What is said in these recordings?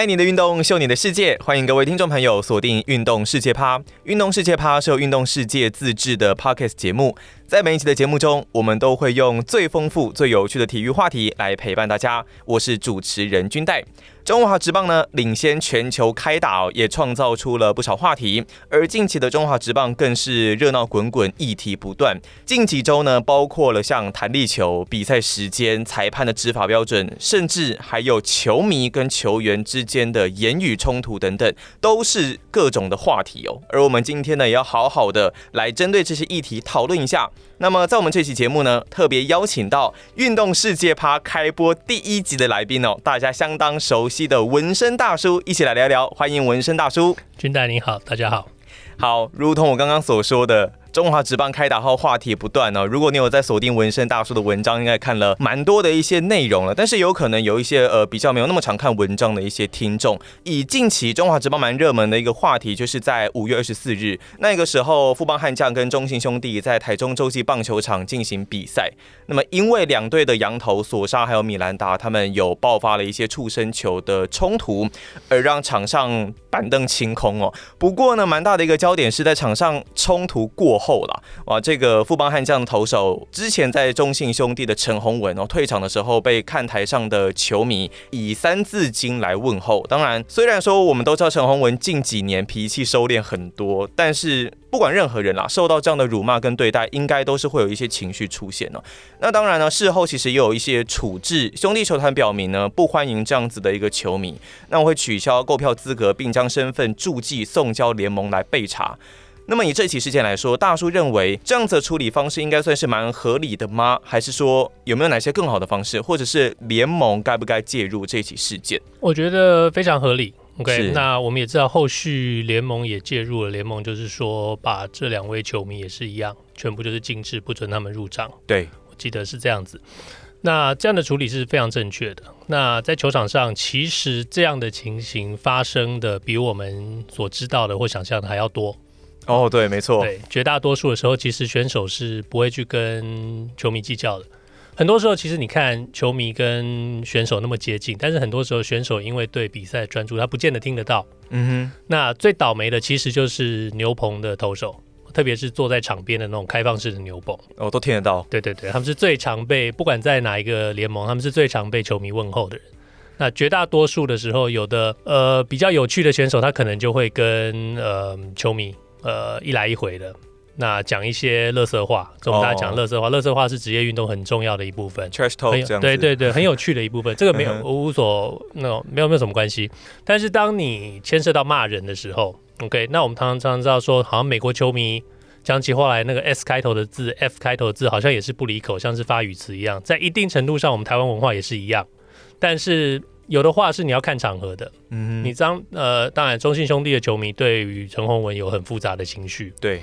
愛你的運動，秀你的世界，歡迎各位聽眾朋友鎖定運動世界趴《運動世界趴》。《運動世界趴》是由《運動世界》自製的 Podcast 節目，在每一期的節目中，我們都會用最豐富、最有趣的體育話題來陪伴大家。我是主持人君代。中華職棒呢，領先全球開打哦，也創造出了不少話題。而近期的中華職棒更是熱鬧滾滾，議題不斷。近幾周呢，包括了像彈力球、比賽時間、裁判的執法標準，甚至還有球迷跟球員之間的言語衝突等等，都是各種的話題哦。而我們今天呢，也要好好的來針對這些議題討論一下。那麼，在我們這期節目呢，特別邀請到《運動世界趴》開播第一集的來賓哦，大家相當熟悉的紋身大叔，一起來聊聊。歡迎紋身大叔，軍大，你好，大家好。好，如同我剛剛所說的。中華職棒開打後話題不斷呢、哦。如果你有在鎖定文生大叔的文章，應該看了蠻多的一些內容了。但是有可能有一些呃比較沒有那麼常看文章的一些聽眾，以近期中華職棒蠻熱門的一個話題，就是在五月二十四日那個時候，富邦悍將跟中信兄弟在台中洲際棒球場進行比賽。那麼因為兩隊的洋投索沙，還有米蘭達他們有爆發了一些觸身球的衝突，而讓場上。板凳清空哦，不過呢，蠻大的一個焦點是在場上衝突過後了。哇、啊，這個富邦悍將的投手之前在中信兄弟的陳鴻文哦退場的時候，被看台上的球迷以三字經來問候。當然，雖然說我們都知道陳鴻文近幾年脾氣收斂很多，但是。不管任何人啦，受到這樣的辱罵跟對待，應該都是會有一些情緒出現了。那當然呢，事後其實也有一些處置。兄弟球團表明呢，不歡迎這樣子的一個球迷，那我會取消購票資格，並將身份注記送交聯盟來備查。那麼以這起事件來說，大叔認為這樣子的處理方式應該算是蠻合理的嗎？還是說有沒有哪些更好的方式，或者是聯盟該不該介入這起事件？我覺得非常合理。OK，是那我們也知道後續聯盟也介入了，聯盟就是說把這兩位球迷也是一樣，全部就是禁止，不准他們入場。對，我記得是這樣子。那這樣的處理是非常正確的。那在球場上，其實這樣的情形發生的比我們所知道的或想象的還要多。哦，對，沒錯，對，絕大多數的時候，其實選手是不會去跟球迷計較的。很多時候，其實你看球迷跟選手那麼接近，但是很多時候選手因為對比賽專注，他不見得聽得到。嗯哼。那最倒霉的其實就是牛棚的投手，特別是坐在場邊的那種開放式的牛棚。哦，都聽得到。對對對，他們是最常被，不管在哪一個聯盟，他們是最常被球迷問候的人。那絕大多數的時候，有的呃比較有趣的選手，他可能就會跟呃球迷呃一來一回的。那講一些垃圾話，跟我們大家講垃圾話。垃圾、oh, 話是職業運動很重要的一部分，Trash talk 很，對對對，很有趣的一部分。 這個沒有，我無所那、no, 沒有沒有什麼關係。但是當你牽涉到罵人的時候，OK，那我們常常知道說，好像美國球迷講起話來，那個 S 開頭的字，F 開頭的字，好像也是不離口，像是發語詞一樣。在一定程度上，我們台灣文化也是一樣。但是有的話是你要看場合的，嗯哼，你當呃，當然中信兄弟的球迷對於陳宏文有很複雜的情緒，對。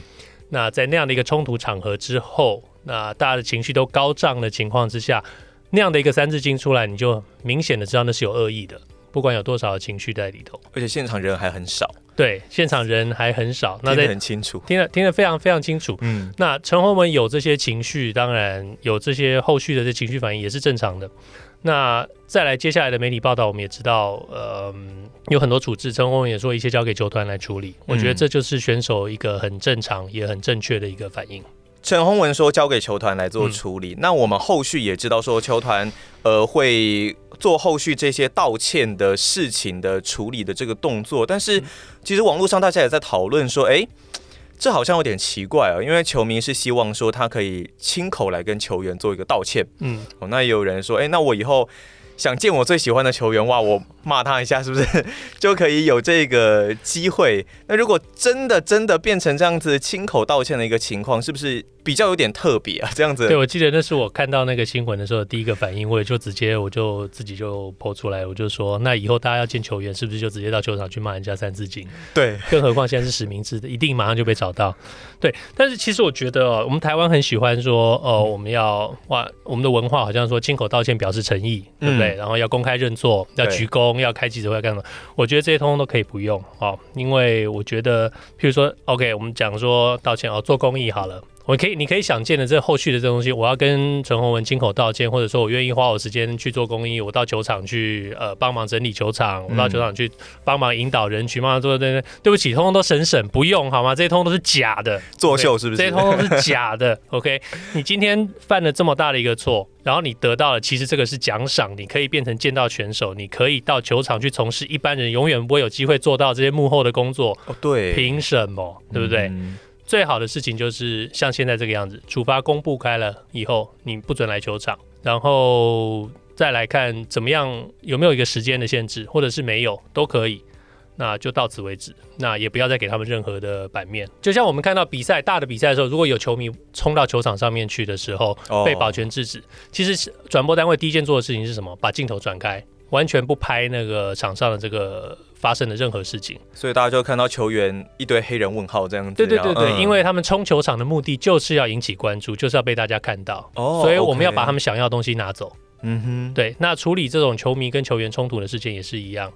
那在那樣的一個衝突場合之後，那大家的情緒都高漲的情況之下，那樣的一個三字經出來，你就明顯的知道那是有惡意的，不管有多少的情緒在裡頭，而且現場人還很少。對，現場人還很少，聽得很清楚，聽得聽得非常非常清楚。嗯，那陳鴻文有這些情緒，當然有這些後續的這情緒反應也是正常的。那再來接下來的媒體報道，我們也知道，嗯、呃，有很多處置。陳鴻文也說，一切交給球團來處理。嗯、我覺得這就是選手一個很正常也很正確的一個反應。陳鴻文說，交給球團來做處理。嗯、那我們後續也知道，說球團呃會做後續這些道歉的事情的處理的這個動作。但是其實網絡上大家也在討論說，哎、欸。這好像有點奇怪啊，哦，因為球迷是希望說他可以親口來跟球員做一個道歉，嗯，哦，那也有人說，哎、欸，那我以後想見我最喜歡的球員，哇，我罵他一下是不是 就可以有這個機會？那如果真的真的變成這樣子親口道歉的一個情況，是不是？比較有點特別啊，這樣子。對，我記得那是我看到那個新聞的時候，第一個反應，我也就直接我就自己就潑出來，我就說，那以後大家要見球員是不是就直接到球場去罵人家三字經？對，更何況現在是實名制的， 一定馬上就被找到。對，但是其實我覺得哦、喔，我們台灣很喜歡說，哦、喔，我們要哇，我們的文化好像說親口道歉表示誠意，嗯、對不對？然後要公開認錯，要鞠躬，對要開記者會幹嘛？我覺得這些通通都可以不用哦、喔，因為我覺得，譬如說，OK，我們講說道歉哦、喔，做公益好了。我可以，你可以想見的，這後續的這東西，我要跟陳鴻文親口道歉，或者說我願意花我時間去做公益，我到球場去，呃，幫忙整理球場，我到球場去幫忙引導人群，幫、嗯、忙做那那，對不起，通通都省省，不用好嗎？這些通通都是假的，作秀是不是？Okay, 這些通通都是假的。 OK，你今天犯了這麼大的一個錯，然後你得到了，其實這個是獎賞，你可以變成見到選手，你可以到球場去從事一般人永遠不會有機會做到這些幕後的工作。哦，對，憑什麼，對不對？嗯最好的事情就是像現在這個樣子，處罰公布開了以後，你不准來球場，然後再來看怎麼樣有沒有一個時間的限制，或者是沒有都可以，那就到此為止，那也不要再給他們任何的版面。就像我們看到比賽大的比賽的時候，如果有球迷衝到球場上面去的時候被保全制止，oh. 其實轉播單位第一件做的事情是什麼？把鏡頭轉開，完全不拍那個場上的這個。發生的任何事情，所以大家就看到球員一堆黑人問號這樣子。對對對對，嗯、因為他們衝球場的目的就是要引起關注，就是要被大家看到。哦，oh, okay. 所以我們要把他們想要的東西拿走。嗯哼，對。那處理這種球迷跟球員衝突的事件也是一樣。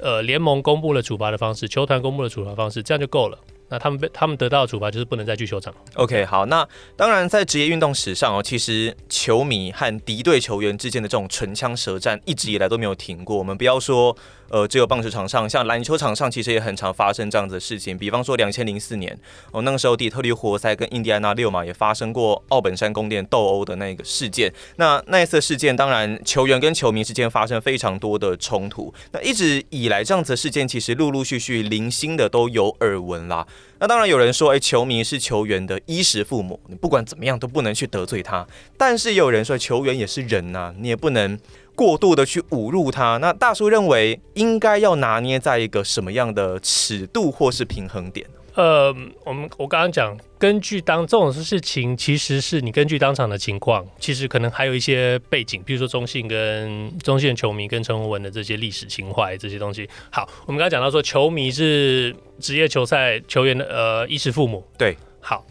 呃，聯盟公布了處罰的方式，球團公布了處罰方式，這樣就夠了。那他們被他們得到的處罰就是不能再去球場。OK，好。那當然，在職業運動史上哦，其實球迷和敵對球員之間的這種唇槍舌戰，一直以來都沒有停過。我們不要說。呃，只有棒球場上，像籃球場上，其實也很常發生這樣子的事情。比方說，兩千零四年，哦，那個時候底特律活塞跟印第安納溜馬也發生過奧本山宮殿鬥毆的那個事件。那那一次事件，當然球員跟球迷之間發生非常多的衝突。那一直以來，這樣子的事件其實陸陸續續、零星的都有耳聞啦。那當然有人說，誒、欸，球迷是球員的衣食父母，你不管怎麼樣都不能去得罪他。但是也有人說，球員也是人吶、啊，你也不能過度的去侮辱他，那大叔認為應該要拿捏在一個什麼樣的尺度或是平衡點？呃，我們我剛剛講，根據當這種事情，其實是你根據當場的情況，其實可能還有一些背景，比如說中信跟中信的球迷跟陳文文的這些歷史情懷這些東西。好，我們剛剛講到說，球迷是職業球賽球員的呃衣食父母，對，好。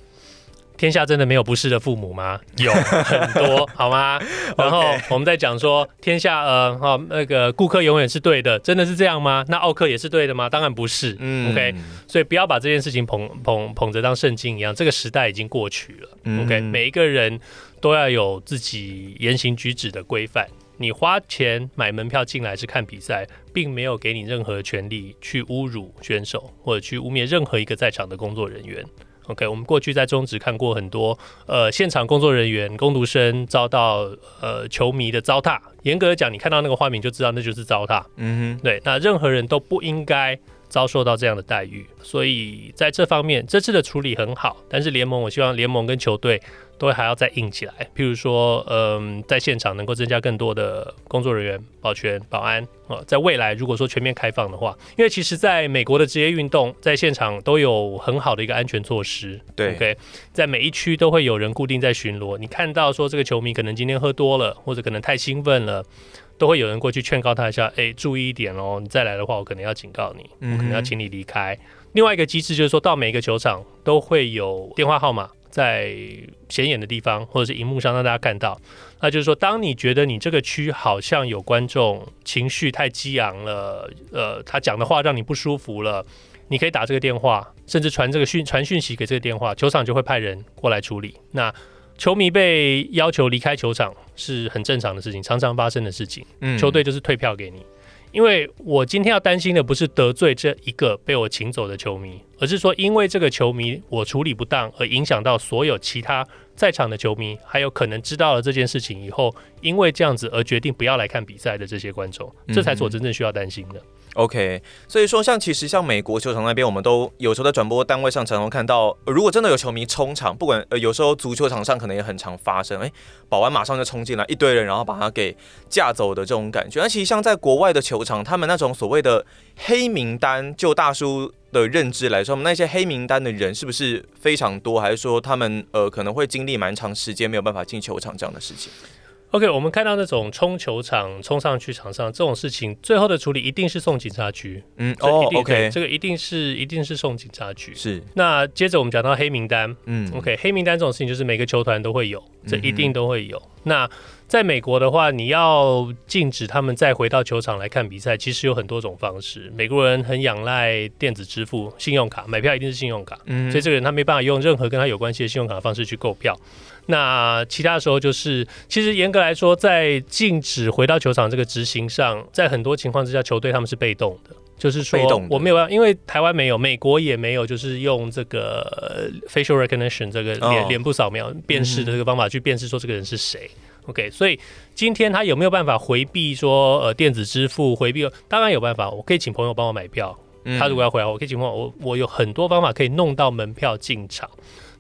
天下真的沒有不是的父母嗎？有很多， 好嗎？然後我們再講說，天下呃、哦，那個顧客永遠是對的，真的是這樣嗎？那奧客也是對的嗎？當然不是。嗯、OK，所以不要把這件事情捧捧捧着當聖經一樣，這個時代已經過去了。OK，、嗯、每一個人都要有自己言行舉止的規範。你花錢買門票進來是看比賽，並沒有給你任何權利去侮辱選手，或者去污蔑任何一個在場的工作人員。OK，我們過去在中職看過很多，呃，現場工作人員、工讀生遭到呃球迷的糟蹋。嚴格的講，你看到那個畫面就知道那就是糟蹋。嗯哼，對，那任何人都不應該遭受到這樣的待遇。所以在這方面，這次的處理很好，但是聯盟，我希望聯盟跟球隊。都會還要再硬起來，譬如說，嗯、呃，在現場能夠增加更多的工作人員、保全、保安啊、呃。在未來，如果說全面開放的話，因為其實在美國的職業運動在現場都有很好的一個安全措施。對，OK，在每一區都會有人固定在巡邏。你看到說這個球迷可能今天喝多了，或者可能太興奮了，都會有人過去勸告他一下，哎、欸，注意一點哦。你再來的話，我可能要警告你，我可能要請你離開。嗯哼，另外一個機制就是說到每一個球場都會有電話號碼。在顯眼的地方，或者是熒幕上讓大家看到。那就是說，當你覺得你這個區好像有觀眾情緒太激昂了，呃，他講的話讓你不舒服了，你可以打這個電話，甚至傳這個訊傳訊息給這個電話，球場就會派人過來處理。那球迷被要求離開球場是很正常的事情，常常發生的事情。嗯，球隊就是退票給你。因為我今天要擔心的不是得罪這一個被我請走的球迷，而是說因為這個球迷我處理不當而影響到所有其他在場的球迷，還有可能知道了這件事情以後，因為這樣子而決定不要來看比賽的這些觀眾，嗯哼。這才是我真正需要擔心的。OK，所以說像其實像美國球場那邊，我們都有時候在轉播單位上常常看到，呃、如果真的有球迷衝場，不管呃有時候足球場上可能也很常發生，誒保安馬上就衝進來，一堆人然後把他給架走的這種感覺。但其實像在國外的球場，他們那種所謂的黑名單，就大叔的認知來說，他們那些黑名單的人是不是非常多，還是說他們呃可能會經歷蠻長時間沒有辦法進球場這樣的事情？OK，我們看到那種衝球場、衝上去場上這種事情，最後的處理一定是送警察局。嗯，哦這，OK，這個一定是、一定是送警察局。是。那接着我們講到黑名單。嗯，OK，黑名單這種事情就是每個球團都會有，這一定都會有。嗯、那在美國的話，你要禁止他們再回到球場來看比賽，其實有很多種方式。美國人很仰賴電子支付、信用卡買票，一定是信用卡，嗯，所以這個人他沒辦法用任何跟他有關係的信用卡的方式去購票。那其他的時候就是，其實嚴格來說，在禁止回到球場這個執行上，在很多情況之下，球隊他們是被動的，就是說我沒有辦法，因為台灣沒有，美國也沒有，就是用這個 facial recognition 這個臉、哦、臉部掃描辨識的這個方法、嗯、去辨識說這個人是誰。OK，所以今天他有沒有辦法回避說，呃、電子支付回避？當然有辦法，我可以請朋友幫我買票。嗯，他如果要回來，我可以請朋友，我我有很多方法可以弄到門票進場。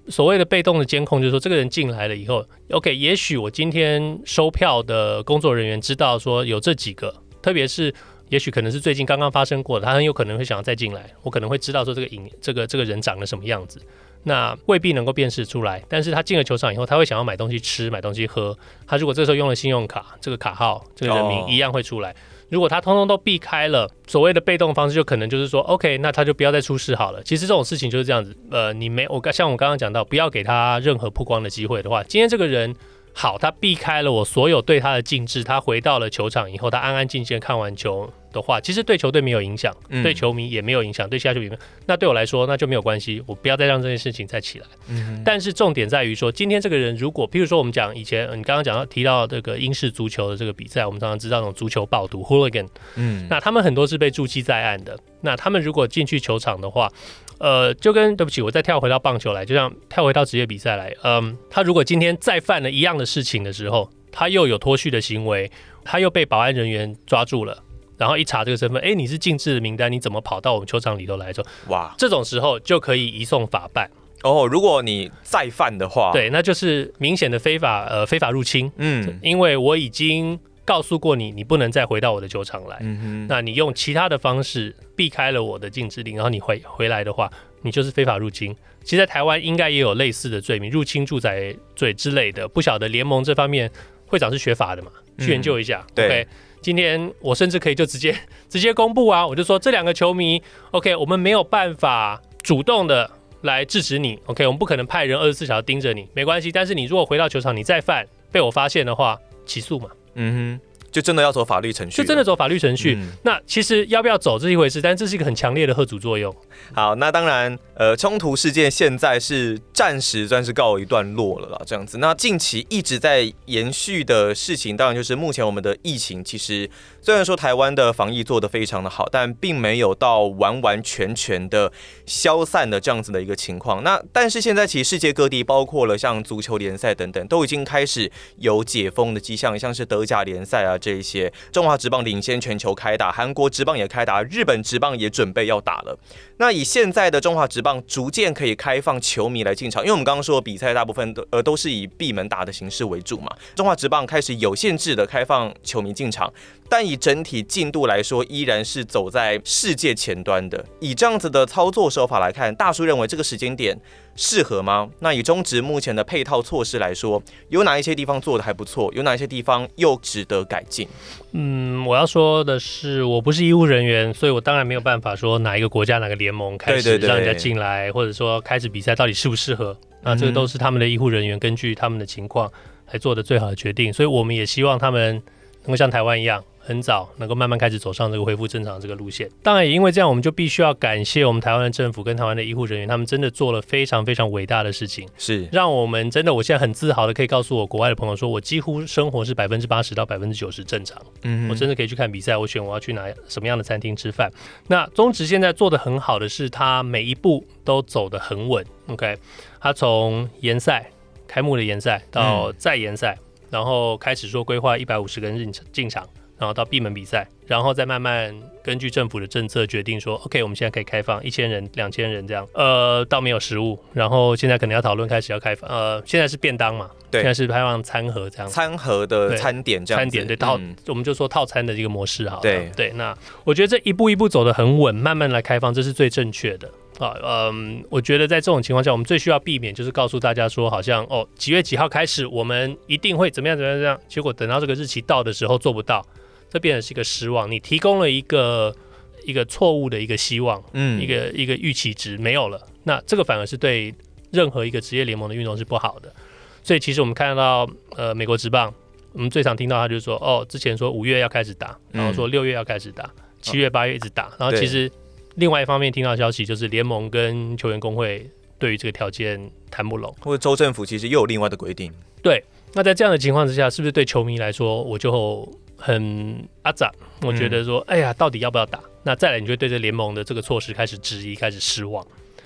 所謂的被動的監控，就是說這個人進來了以後，OK，也許我今天收票的工作人員知道說有這幾個，特別是也許可能是最近剛剛發生過的，他很有可能會想要再進來，我可能會知道說這個影這個這個人長得什麼樣子。那未必能夠辨識出來，但是他進了球場以後，他會想要買東西吃，買東西喝。他如果這個時候用了信用卡，這個卡號，這個人名一樣會出來。Oh. 如果他通通都避開了所謂的被動方式，就可能就是說，OK，那他就不要再出事好了。其實這種事情就是這樣子，呃，你沒我剛像我剛剛講到，不要給他任何曝光的機會的話，今天這個人好，他避開了我所有對他的禁制，他回到了球場以後，他安安靜靜地看完球。的話，其實對球隊沒有影響，嗯、對球迷也沒有影響，對下他球迷沒有，那對我來說那就沒有關係。我不要再讓這件事情再起來。嗯、哼但是重點在於說，今天這個人如果，譬如說我們講以前，呃、你剛剛講到提到這個英式足球的這個比賽，我們常常知道那種足球暴徒，hooligan。Igan, 嗯，那他們很多是被註記在案的。那他們如果進去球場的話，呃，就跟對不起，我再跳回到棒球來，就像跳回到職業比賽來，嗯，他如果今天再犯了一樣的事情的時候，他又有脫序的行為，他又被保安人員抓住了。然後一查這個身份，哎，你是禁制的名單，你怎麼跑到我們球場裡頭來着？哇，這種時候就可以移送法辦。哦，如果你再犯的話，對，那就是明顯的非法呃非法入侵。嗯，因為我已經告訴過你，你不能再回到我的球場來。嗯哼，那你用其他的方式避開了我的禁制令，然後你回回來的話，你就是非法入侵。其實在台灣應該也有類似的罪名，入侵住宅罪之類的，不曉得聯盟這方面會長是學法的嘛？嗯、去研究一下。對。Okay? 今天我甚至可以就直接直接公布啊！我就說這兩個球迷，OK，我們沒有辦法主動的來制止你，OK，我們不可能派人二十四小時盯着你，沒關係。但是你如果回到球場，你再犯被我發現的話，起訴嘛，嗯哼，就真的要走法律程序，就真的走法律程序。嗯、那其實要不要走這一回事，但是這是一個很強烈的嚇阻作用。好，那當然。呃，衝突事件現在是暫時算是告一段落了啦，這樣子。那近期一直在延續的事情，當然就是目前我們的疫情。其實雖然說台灣的防疫做得非常的好，但並沒有到完完全全的消散的這樣子的一個情況。那但是現在其實世界各地，包括了像足球聯賽等等，都已經開始有解封的跡象，像是德甲聯賽啊這一些，中華職棒領先全球開打，韓國職棒也開打，日本職棒也準備要打了。那以現在的中華職棒逐漸可以開放球迷來進場，因為我們剛剛說比賽大部分都呃都是以閉門打的形式為主嘛，中華職棒開始有限制的開放球迷進場，但以整體進度來說，依然是走在世界前端的。以這樣子的操作手法來看，大叔認為這個時間點。適合嗎？那以中職目前的配套措施來說，有哪一些地方做得還不錯？有哪一些地方又值得改進？嗯，我要說的是，我不是醫護人員，所以我當然沒有辦法說哪一個國家、哪個聯盟開始讓人家進來，對對對或者說開始比賽到底適不適合。那這個都是他們的醫護人員、嗯、根據他們的情況來做的最好的決定。所以我們也希望他們能夠像台灣一樣，很早能夠慢慢開始走上這個恢復正常這個路線，當然也因為這樣，我們就必須要感謝我們台灣的政府跟台灣的醫護人員，他們真的做了非常非常偉大的事情，是讓我們真的，我現在很自豪的可以告訴我國外的朋友說，說我幾乎生活是百分之八十到百分之九十正常。嗯哼，我真的可以去看比賽，我選我要去哪什麼樣的餐廳吃飯。那中職現在做的很好的是，他每一步都走得很穩，OK，他從延賽開幕的延賽到再延賽，嗯、然後開始說規劃一百五十個人進場。然後到閉門比賽，然後再慢慢根據政府的政策決定說，OK，我們現在可以開放一千人、兩千人這樣。呃，倒沒有食物，然後現在可能要討論開始要開放。呃，現在是便當嘛，對現在是開放餐盒這樣。餐盒的餐點這樣，對餐點對、嗯、套，我們就說套餐的一個模式哈。對對，那我覺得這一步一步走得很穩，慢慢來開放，這是最正確的啊。嗯、呃，我覺得在這種情況下，我們最需要避免就是告訴大家說，好像哦幾月幾號開始，我們一定會怎麼樣怎麼樣這樣，結果等到這個日期到的時候做不到。這變成是一個失望，你提供了一個一個錯誤的一個希望，嗯，一個一個預期值沒有了，那這個反而是對任何一個職業聯盟的運動是不好的。所以其實我們看到，呃，美國職棒，我們最常聽到他就是說，哦，之前說五月要開始打，然後說六月要開始打，嗯、七月八月一直打，哦、然後其實另外一方面聽到消息就是聯盟跟球員工會對於這個條件談不攏，或者州政府其實又有另外的規定。對，那在這樣的情況之下，是不是對球迷來說我就？很阿扎，我覺得說，哎呀，到底要不要打？嗯、那再來，你就對這聯盟的這個措施開始質疑，開始失望。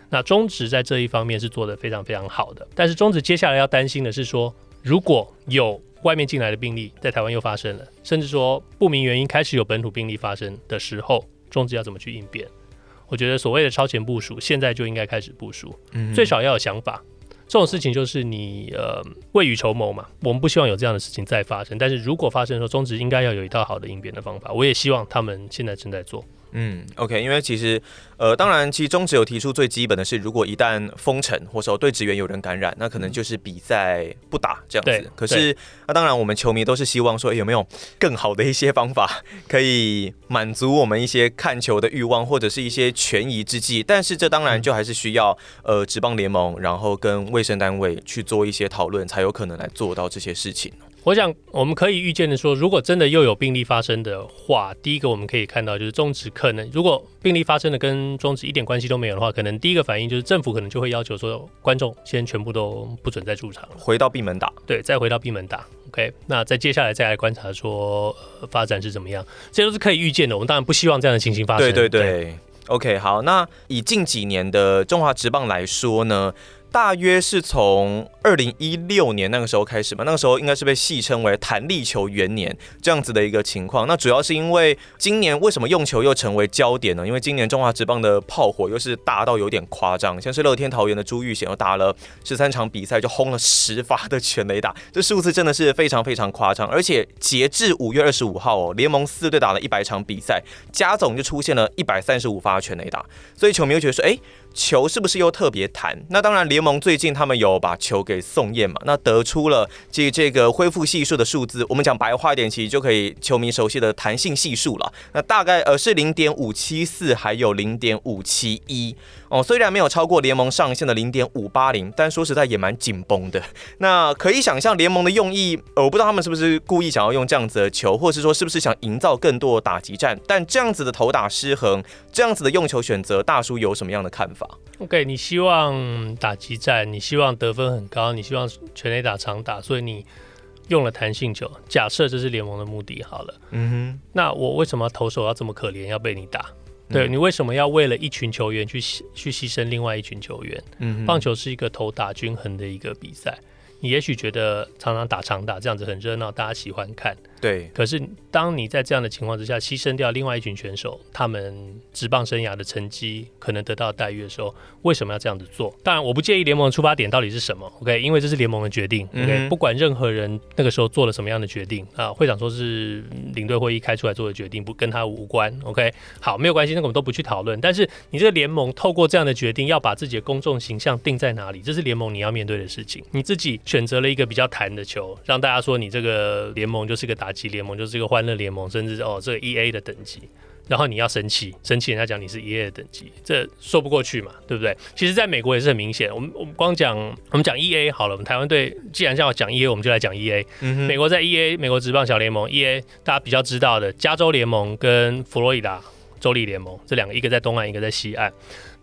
那中職在這一方面是做得非常非常好的，但是中職接下來要擔心的是說，如果有外面進來的病例在台灣又發生了，甚至說不明原因開始有本土病例發生的時候，中職要怎麼去應變？我覺得所謂的超前部署，現在就應該開始部署，嗯、哼最少要有想法。這種事情就是你呃未雨綢繆嘛，我們不希望有這樣的事情再發生。但是如果發生的時候，中職應該要有一套好的應變的方法。我也希望他們現在正在做。嗯，OK，因為其實，呃，當然，其實中職有提出最基本的是，如果一旦封城，或者說隊職員有人感染，那可能就是比賽不打這樣子。對可是那對、啊、當然，我們球迷都是希望說、欸、有沒有更好的一些方法可以滿足我們一些看球的慾望或者是一些權宜之計，但是這當然就還是需要、嗯、呃職棒聯盟然後跟衛生單位去做一些討論，才有可能來做到這些事情。我想，我們可以預見的說，如果真的又有病例發生的話，第一個我們可以看到就是中止。可能如果病例發生的跟中止一點關係都沒有的話，可能第一個反應就是政府可能就會要求說，觀眾先全部都不准再入場，回到閉門打。對，再回到閉門打。OK，那再接下來再來觀察說、呃、發展是怎麼樣，這都是可以預見的。我們當然不希望這樣的情形發生。對對對。對 OK，好，那以近幾年的中華職棒來說呢？大約是從二零一六年那個時候開始吧，那個時候應該是被戲稱為“彈力球元年”這樣子的一個情況。那主要是因為今年為什麼用球又成為焦點呢？因為今年中華職棒的炮火又是大到有點誇張，像是樂天桃猿的朱育賢，又打了十三場比賽就轟了十發的全壘打，這數字真的是非常非常誇張。而且截至五月二十五號哦，聯盟四隊打了一百場比賽，加總就出現了一百三十五發全壘打，所以球迷又覺得說，誒、欸……球是不是又特別彈？那當然，聯盟最近他們有把球給送驗嘛，那得出了即這個恢復係數的數字。我們講白話一點，其實就可以球迷熟悉的彈性係數了。那大概呃是零點五七四，還有零點五七一哦。雖然沒有超過聯盟上限的零點五八零，但說實在也蠻緊繃的。那可以想象聯盟的用意，呃，我不知道他們是不是故意想要用這樣子的球，或者是說是不是想營造更多打擊戰？但這樣子的投打失衡，這樣子的用球選擇，大叔有什麼樣的看法？OK，你希望打擊戰，你希望得分很高，你希望全壘打長打，所以你用了彈性球。假設這是聯盟的目的，好了，嗯哼，那我為什麼要投手要這麼可憐，要被你打？對、嗯、哼你為什麼要為了一群球員去去犧牲另外一群球員？嗯、哼棒球是一個投打均衡的一個比賽。你也許覺得常常打長打這樣子很熱鬧，大家喜歡看。對。可是，當你在這樣的情況之下犧牲掉另外一群選手，他們職棒生涯的成績可能得到待遇的時候，為什麼要這樣子做？當然，我不介意聯盟的出發點到底是什麼。OK，因為這是聯盟的決定。OK，嗯嗯。不管任何人那個時候做了什麼樣的決定啊，會長說是領隊會議開出來做的決定，不跟他無關。OK，好，沒有關係，那我們都不去討論。但是，你這個聯盟透過這樣的決定，要把自己的公眾形象定在哪裡？這是聯盟你要面對的事情。你自己，選擇了一個比較彈的球，讓大家說你這個聯盟就是個打擊聯盟，就是個歡樂聯盟，甚至哦，這個 1A 的等級，然後你要生氣，生氣人家講你是 1A 的等級，這說不過去嘛，對不對？其實，在美國也是很明顯，我們我們光講我們講 1A 好了，我們台灣隊既然叫我講 1A，我們就來講 1A、嗯哼。美國在 1A，美國職棒小聯盟 1A，大家比較知道的加州聯盟跟佛羅里達州立聯盟這兩個，一個在東岸，一個在西岸。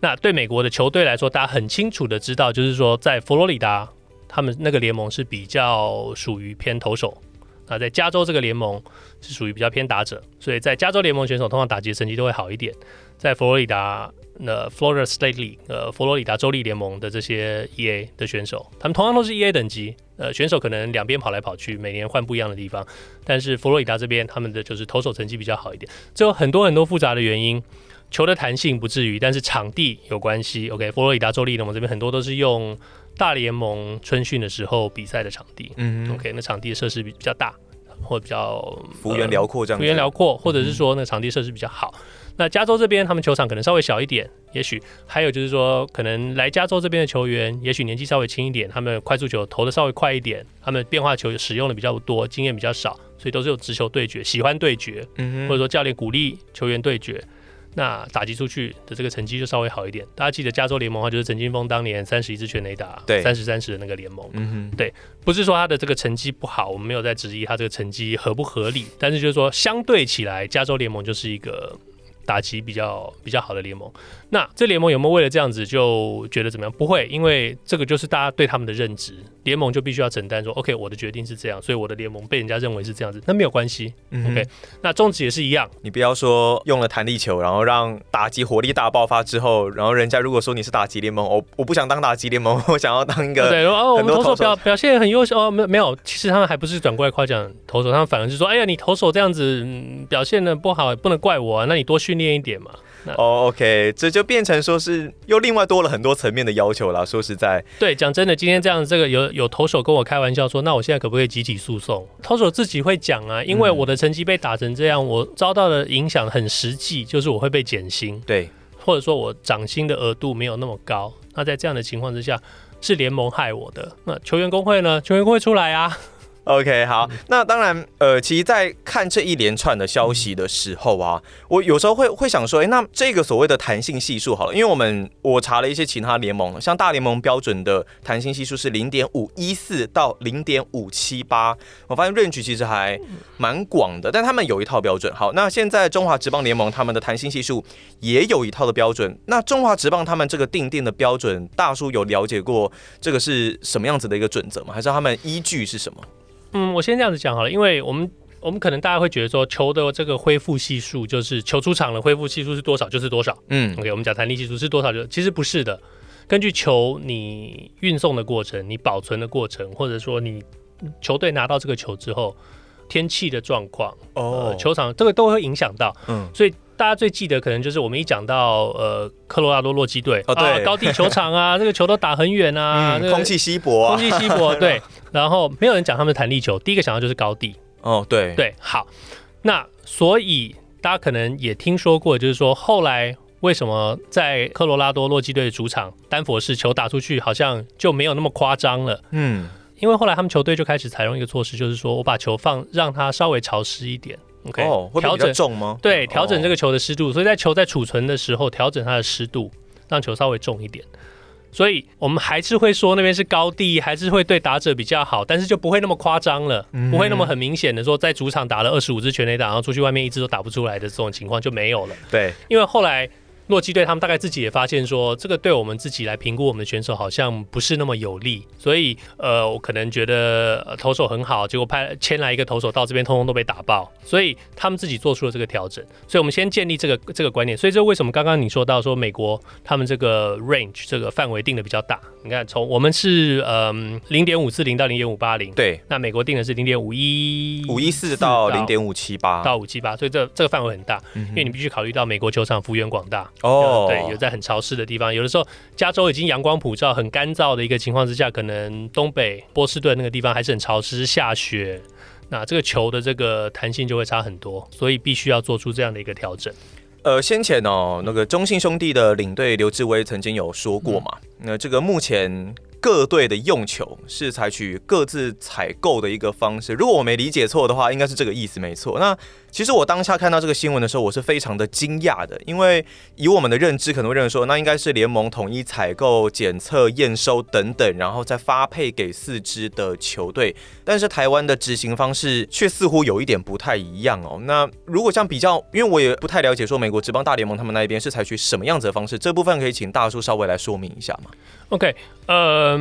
那對美國的球隊來說，大家很清楚的知道，就是說在佛羅里達。他們那個聯盟是比較屬於偏投手，那在加州這個聯盟是屬於比較偏打者，所以在加州聯盟選手通常打擊的成績都會好一點。在佛羅里達，那 Florida State League，呃，佛羅里達州立聯盟的這些 EA 的選手，他們同樣都是 EA 等級，呃，選手可能兩邊跑來跑去，每年換不一樣的地方，但是佛羅里達這邊他們的就是投手成績比較好一點，這有很多很多複雜的原因，球的彈性不至於，但是場地有關係。OK，佛羅里達州立聯盟這邊很多都是用大聯盟春訓的時候比賽的場地，嗯哼，OK，那場地設施比比較大，或者比較、呃、幅員遼闊這樣子，幅員遼闊，或者是說那場地設施比較好。嗯、哼那加州這邊他們球場可能稍微小一點，也許還有就是說，可能來加州這邊的球員，也許年紀稍微輕一點，他們快速球投的稍微快一點，他們變化球使用的比較多，經驗比較少，所以都是有直球對決，喜歡對決，嗯，或者說教練鼓勵球員對決。嗯那打擊出去的這個成績就稍微好一點。大家記得加州聯盟的話，就是陳金鋒當年三十一支全壘打，對，三十三十的那個聯盟。嗯哼，對，不是說他的這個成績不好，我們沒有在質疑他這個成績合不合理，但是就是說，相對起來，加州聯盟就是一個。打擊比較比較好的聯盟，那這聯盟有沒有為了這樣子就覺得怎麼樣？不會，因為這個就是大家對他們的認知，聯盟就必須要承擔說，OK，我的決定是這樣，所以我的聯盟被人家認為是這樣子，那沒有關係、嗯、哼，OK。那中職也是一樣，你不要說用了彈力球，然後讓打擊火力大爆發之後，然後人家如果說你是打擊聯盟，我、哦、我不想當打擊聯盟，我想要當一個對，然後、哦、我們投手表表現很優秀哦，沒沒有，其實他們還不是轉過來誇獎投手，他們反而是說，哎呀，你投手這樣子、嗯、表現的不好，不能怪我啊，那你多去練一點嘛？哦、oh，OK，這就變成說是又另外多了很多層面的要求啦。說實在，對，講真的，今天這樣，這個有有投手跟我開玩笑說，那我現在可不可以集體訴訟？投手自己會講啊，因為我的成績被打成這樣，嗯、我遭到的影響很實際，就是我會被減薪，對，或者說我漲薪的額度沒有那麼高。那在這樣的情況之下，是聯盟害我的。那球員工會呢？球員工會出來啊！OK，好，那當然，呃，其實，在看這一連串的消息的時候啊，我有時候會會想說，哎、欸，那這個所謂的彈性係數，好了，因為我們我查了一些其他聯盟，像大聯盟標準的彈性係數是零點五一四到零點五七八，我發現 range 其實還蠻廣的，但他們有一套標準。好，那現在中華職棒聯盟他們的彈性係數也有一套的標準，那中華職棒他們這個定定的標準，大叔有了解過這個是什麼樣子的一個準則嗎？還是他們依據是什麼？嗯，我先這樣子講好了，因為我們我們可能大家會覺得說，球的這個恢復係數，就是球出場的恢復係數是多少就是多少。嗯，OK，我們講彈力係數是多少就是，其實不是的，根據球你運送的過程，你保存的過程，或者說你球隊拿到這個球之後，天氣的狀況，哦呃、球場這個都會影響到。嗯，所以。大家最記得可能就是我們一講到呃、科羅拉多洛基隊、哦、啊高地球場啊，那 個球都打很遠啊、嗯這個、空氣稀薄空氣稀薄對 然後，沒有人講他們的彈力球，第一個想到就是高地。哦對對好，那所以大家可能也聽說過，就是說後來為什麼在科羅拉多洛基隊主場丹佛市，球打出去好像就沒有那麼誇張了嗯。因為後來他們球隊就開始採用一個措施，就是說我把球放讓它稍微潮濕一點，OK，、哦、會會調整重嗎？對，調整這個球的濕度，哦哦所以在球在儲存的時候調整它的濕度，讓球稍微重一點。所以我們還是會說那邊是高地，還是會對打者比較好，但是就不會那麼誇張了，嗯、不會那麼很明顯的說在主場打了二十五支全壘打，然後出去外面一支都打不出來的這種情況就沒有了。對，因為後來。洛基隊，他們大概自己也發現說，這個對我們自己來評估我們的選手好像不是那麼有利，所以呃，我可能覺得投手很好，結果派牽來一個投手到這邊，通通都被打爆，所以他們自己做出了這個調整。所以，我們先建立這個這個觀念。所以，這為什麼剛剛你說到說美國他們這個 range 這個範圍定的比較大？你看，從我們是嗯零點五四零到零點五八零，對，那美國定的是零點五一五一四到零點五七八到五七八，78, 所以這這個範圍很大，嗯、哼因為你必須考慮到美國球場幅員廣大。哦、oh. 嗯，對，有在很潮濕的地方，有的時候加州已經陽光普照、很乾燥的一個情況之下，可能東北波士頓那個地方還是很潮濕、下雪，那這個球的這個彈性就會差很多，所以必須要做出這樣的一個調整。呃，先前哦，那個中信兄弟的領隊劉志威曾經有說過嘛，嗯、那這個目前各隊的用球是採取各自採購的一個方式，如果我沒理解錯的話，應該是這個意思沒錯。那其實我當下看到這個新聞的時候，我是非常的驚訝的，因為以我們的認知，可能會認為說，那應該是聯盟統一採購、檢測、驗收等等，然後再發配給四支的球隊。但是台灣的執行方式卻似乎有一點不太一樣哦。那如果像比較，因為我也不太了解說美國職棒大聯盟他們那一邊是採取什麼樣子的方式，這部分可以請大叔稍微來說明一下嗎？OK，嗯、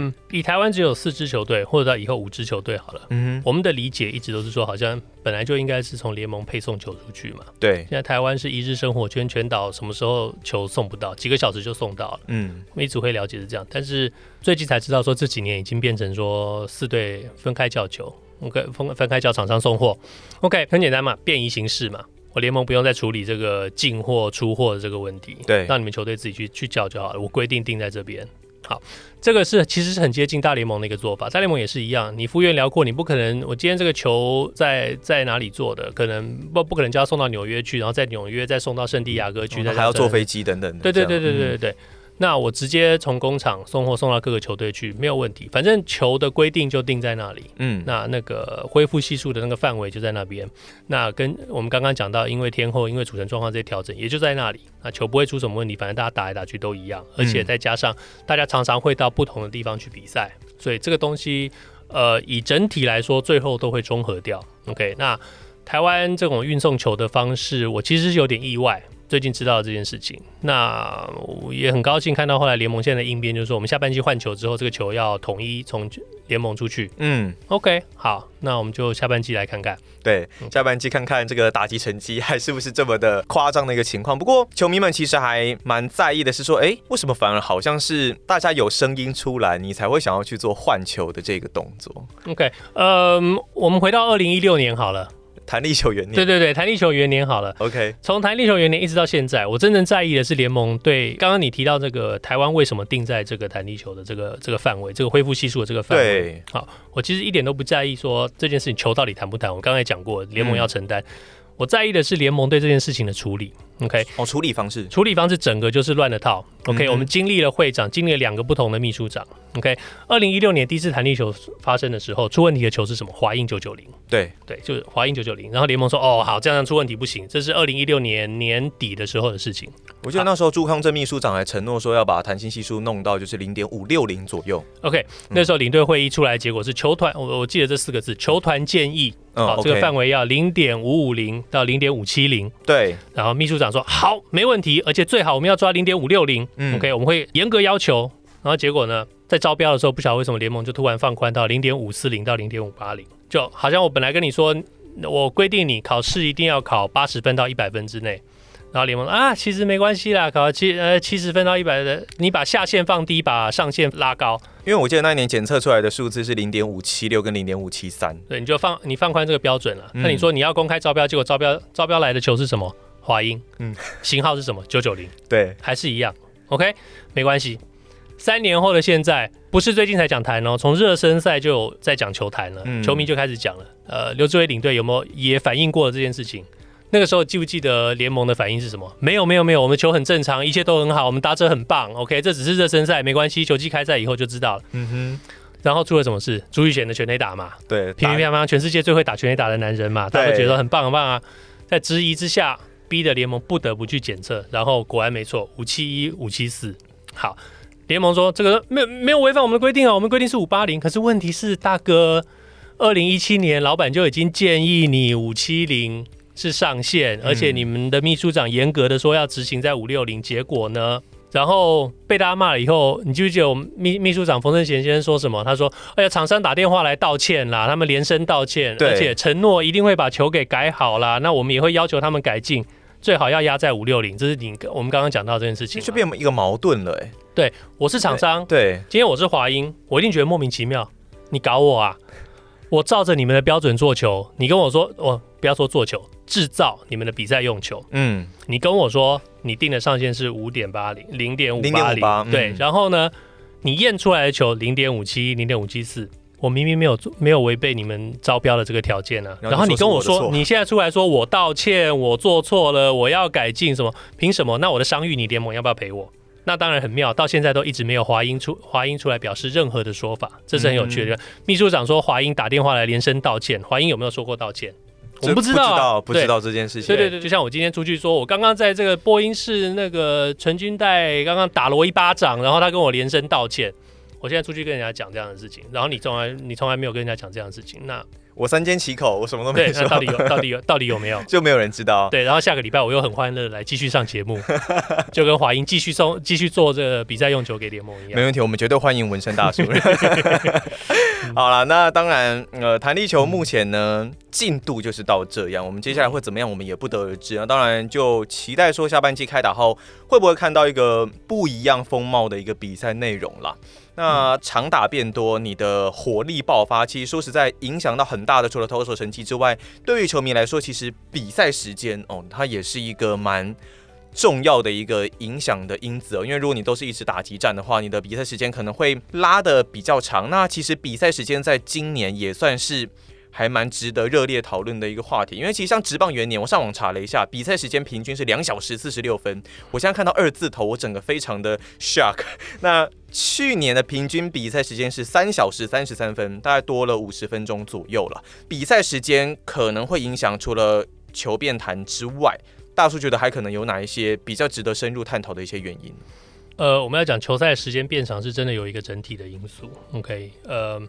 呃，以台灣只有四支球隊，或者到以後五支球隊好了，嗯哼，我們的理解一直都是說，好像本來就應該是從聯盟配。送球出去嘛？對。現在台灣是一日生活圈，全島什麼時候球送不到，幾個小時就送到了。嗯，我們一直會了解是這樣，但是最近才知道說這幾年已經變成說四隊分開叫球，OK，分開叫廠商送貨。OK，很簡單嘛，便宜形式嘛，我聯盟不用再處理這個進貨出貨的這個問題。對，讓你們球隊自己去去叫就好了，我規定定在這邊。好，這個是其實是很接近大聯盟的一個做法。大聯盟也是一樣，你幅員遼闊，你不可能。我今天這個球在在哪裡做的，可能不不可能就要送到紐約去，然後在紐約再送到聖地亞哥去，嗯哦、還要坐飛機等等。這樣。對，對對對對對對。嗯那我直接從工廠送貨送到各個球隊去，沒有問題。反正球的規定就定在那裡，嗯，那那個恢復系數的那個範圍就在那邊。那跟我們剛剛講到因，因為天候，因為儲存狀況這些調整也就在那裡。那球不會出什麼問題，反正大家打來打去都一樣，而且再加上大家常常會到不同的地方去比賽，嗯、所以這個東西，呃，以整體來說，最後都會綜合掉。OK，那台灣這種運送球的方式，我其實是有點意外。最近知道的這件事情，那我也很高興看到後來聯盟現在的應變，就是說我們下半季換球之後，這個球要統一從聯盟出去。嗯，OK，好，那我們就下半季來看看，對，下半季看看這個打擊成績還是不是這麼的誇張的一個情況。不過球迷們其實還蠻在意的是說，哎、欸，為什麼反而好像是大家有聲音出來，你才會想要去做換球的這個動作？OK，呃，我們回到二零一六年好了。彈力球元年，對對對，彈力球元年好了。OK，從彈力球元年一直到現在，我真正在意的是聯盟對剛剛你提到這個台灣為什麼定在這個彈力球的這個這個範圍，這個恢復係數的這個範圍。對，好，我其實一點都不在意說這件事情球到底彈不彈。我剛才講過，聯盟要承擔。嗯我在意的是聯盟對這件事情的處理，OK？哦，處理方式，處理方式整個就是亂了套，OK？嗯嗯，我們經歷了會長，經歷了兩個不同的秘書長，OK？二零一六年第一次彈力球發生的時候，出問題的球是什麼？華英九九零，對對，就是華英九九零。然後聯盟說，哦好，這樣出問題不行，這是二零一六年年底的時候的事情。我記得那時候朱康正秘書長還承諾說要把彈性係數弄到就是零點五六零左右。OK，嗯，那時候領隊會議出來結果是球團，我我記得這四個字，球團建議，啊，這個範圍要零點五五零到零點五七零。對，然後秘書長說好，沒問題，而且最好我們要抓零點五六零。OK，我們會嚴格要求。然後結果呢，在招標的時候不曉得為什麼聯盟就突然放寬到零點五四零到零點五八零，就好像我本來跟你說我規定你考試一定要考八十分到一百分之內。然後聯盟啊，其實沒關係啦，考七呃七十分到一百的，你把下限放低，把上限拉高。因為我記得那一年檢測出來的數字是零點五七六跟零點五七三，對，你就放你放寬這個標準了。那、嗯、你說你要公開招標，結果招標招標來的球是什麼？華櫻，嗯，型號是什麼？九九零，對，還是一樣。OK，沒關係。三年後的現在，不是最近才講台呢，從熱身賽就有在講球台了，嗯、球迷就開始講了。呃，劉志偉領隊有沒有也反映過這件事情？那個時候記不記得聯盟的反應是什麼？沒有沒有沒有，我們球很正常，一切都很好，我們打者很棒。OK，這只是熱身賽，沒關係。球季開賽以後就知道了。嗯哼。然後出了什麼事？朱育賢的全壘打嘛？對，乒乒乓乓，全世界最會打全壘打的男人嘛，大家都覺得很棒很棒啊。對在質疑之下，逼得聯盟不得不去檢測。然後果然沒錯，五七一五七四。好，聯盟說這個沒有沒有違反我們的規定啊？我們規定是五八零，可是問題是大哥，二零一七年老板就已經建議你五七零。是上限，而且你們的秘書長嚴格的說要執行在五六零，結果呢，然後被大家罵了以後，你記不記得我們秘秘書長馮勝賢先生說什麼？他說：“哎呀，廠商打電話來道歉啦，他們連聲道歉，對而且承諾一定會把球給改好了。那我們也會要求他們改進，最好要壓在五六零。這是你跟我們剛剛講到的這件事情，就變一個矛盾了，欸。哎，對，我是廠商對，對，今天我是華英，我一定覺得莫名其妙，你搞我啊！我照着你們的標準做球，你跟我說，哦，不要說做球。”製造你們的比賽用球，嗯，你跟我說你定的上限是五點八零零點五八零，對，然後呢，你驗出來的球零點五七零點五七四，我明明沒有沒有違背你們招標的這個條件呢、啊，然後你跟我說你現在出來說我道歉，我做錯了，我要改進什麼？憑什麼？那我的商譽，你聯盟要不要賠我？那當然很妙，到現在都一直沒有華英出華英出來表示任何的說法，這是很有趣的。嗯、秘書長說華英打電話來連聲道歉，華英有沒有說過道歉？我不知道，不知道這件事情。對對對，就像我今天出去說，我剛剛在這個播音室，那個陳軍帶剛剛打了我一巴掌，然後他跟我連聲道歉。我現在出去跟人家講這樣的事情，然後你從來你從來沒有跟人家講這樣的事情，那。我三緘其口，我什麼都沒說。對，到底有，到底有，到底有沒有？ 就沒有人知道，啊。對，然後下個禮拜我又很歡樂來繼續上節目， 就跟華英繼續送，繼續做這個比賽用球給聯盟一樣。沒問題，我們絕對歡迎文生大叔。 好了，那當然，呃，彈力球目前呢，進度就是到這樣，我們接下來會怎麼樣，我們也不得而知。那，啊，當然就期待說下半季開打後，會不會看到一個不一樣風貌的一個比賽內容了。那長打變多，你的火力爆發其實說實在，影響到很大的。除了投手成績之外，對於球迷來說，其實比賽時間哦，它也是一個蠻重要的一個影響的因子哦。因為如果你都是一直打擊戰的話，你的比賽時間可能會拉得比較長。那其實比賽時間在今年也算是。還蠻值得熱烈討論的一個話題，因為其實像職棒元年，我上網查了一下，比賽時間平均是兩小時四十六分。我現在看到二字頭，我整個非常的 shock。那去年的平均比賽時間是三小時三十三分，大概多了五十分鐘左右了。比賽時間可能會影響，除了球變彈之外，大叔覺得還可能有哪一些比較值得深入探討的一些原因？呃，我們要講球賽時間變長，是真的有一個整體的因素。OK，呃。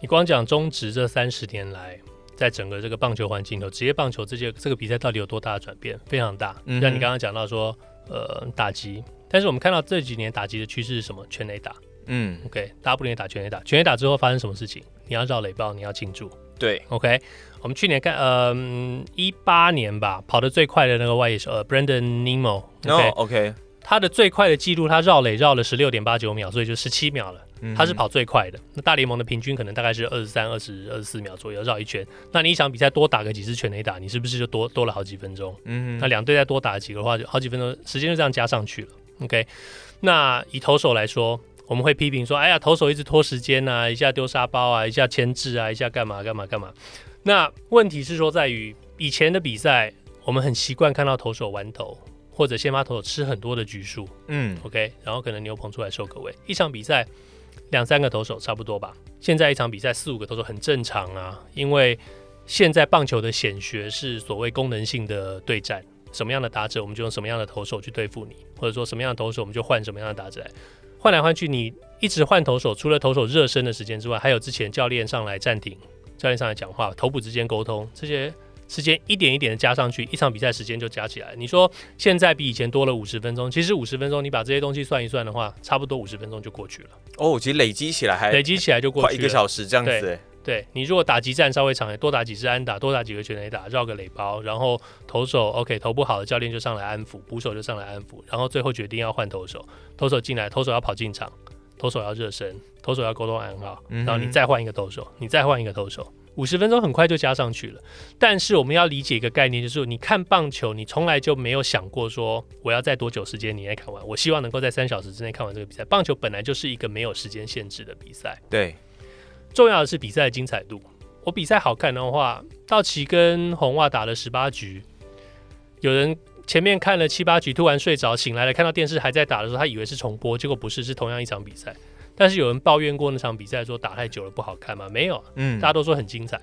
你光講中職這三十年來，在整個這個棒球環境裡頭，職業棒球這些這個比賽到底有多大的轉變？非常大。嗯，像你剛剛講到說，嗯、哼呃，打擊，但是我們看到這幾年打擊的趨勢是什麼？全壘打。嗯，OK，大部分人打全壘打。全壘打，打之後發生什麼事情？你要繞壘包，你要慶祝。對，OK。我們去年看，呃，一八年吧，跑得最快的那個外野手，呃，Brandon Nimmo。然後 OK，, no, okay. 他的最快的記錄，他繞壘繞了十六點八九秒，所以就十七秒了。他是跑最快的，那大聯盟的平均可能大概是二十三、二十二、二十四秒左右繞一圈。那你一場比賽多打個幾次全壘打，你是不是就多多了好幾分鐘？嗯哼，那兩隊再多打幾個的話，就好幾分鐘時間就這樣加上去了。OK，那以投手來說，我們會批評說，哎呀，投手一直拖時間啊，一下丟沙包啊，一下牽制啊，一下幹嘛幹嘛幹嘛。那問題是說在於以前的比賽，我們很習慣看到投手完投，或者先發投手吃很多的局數，okay? 嗯，OK，然後可能牛棚出來收割位一場比賽。兩三個投手差不多吧，現在一場比賽四五個投手很正常啊，因為現在棒球的顯學是所謂功能性的對戰，什麼樣的打者我們就用什麼樣的投手去對付你，或者說什麼樣的投手我們就換什麼樣的打者來，換來換去你一直換投手，除了投手熱身的時間之外，還有之前教練上來暫停，教練上來講話，投捕之間溝通這些。時間一點一點的加上去，一場比賽時間就加起來。你說現在比以前多了五十分鐘，其實五十分鐘你把這些東西算一算的話，差不多五十分鐘就過去了。哦，其實累積起來還累積起來就過去了快一個小時這樣子。對，對，你如果打擊戰稍微長、欸，多打幾次安打，多打幾個全壘打，繞個壘包，然後投手 OK 投不好的教練就上來安撫，捕手就上來安撫，然後最後決定要換投手，投手進來，投手要跑進場，投手要熱身，投手要溝通暗號，然後你再換一個投手，嗯、哼你再換一個投手。五十分鐘很快就加上去了，但是我們要理解一個概念，就是你看棒球，你從來就沒有想過說我要在多久時間你來看完。我希望能夠在三小時之內看完這個比賽。棒球本來就是一個沒有時間限制的比賽，對。重要的是比賽的精彩度。我比賽好看的話，道奇跟紅襪打了十八局，有人前面看了七八局，突然睡着，醒來了，看到電視還在打的時候，他以為是重播，結果不是，是同樣一場比賽。但是有人抱怨過那場比賽說打太久了不好看嗎？沒有，嗯，大家都說很精彩，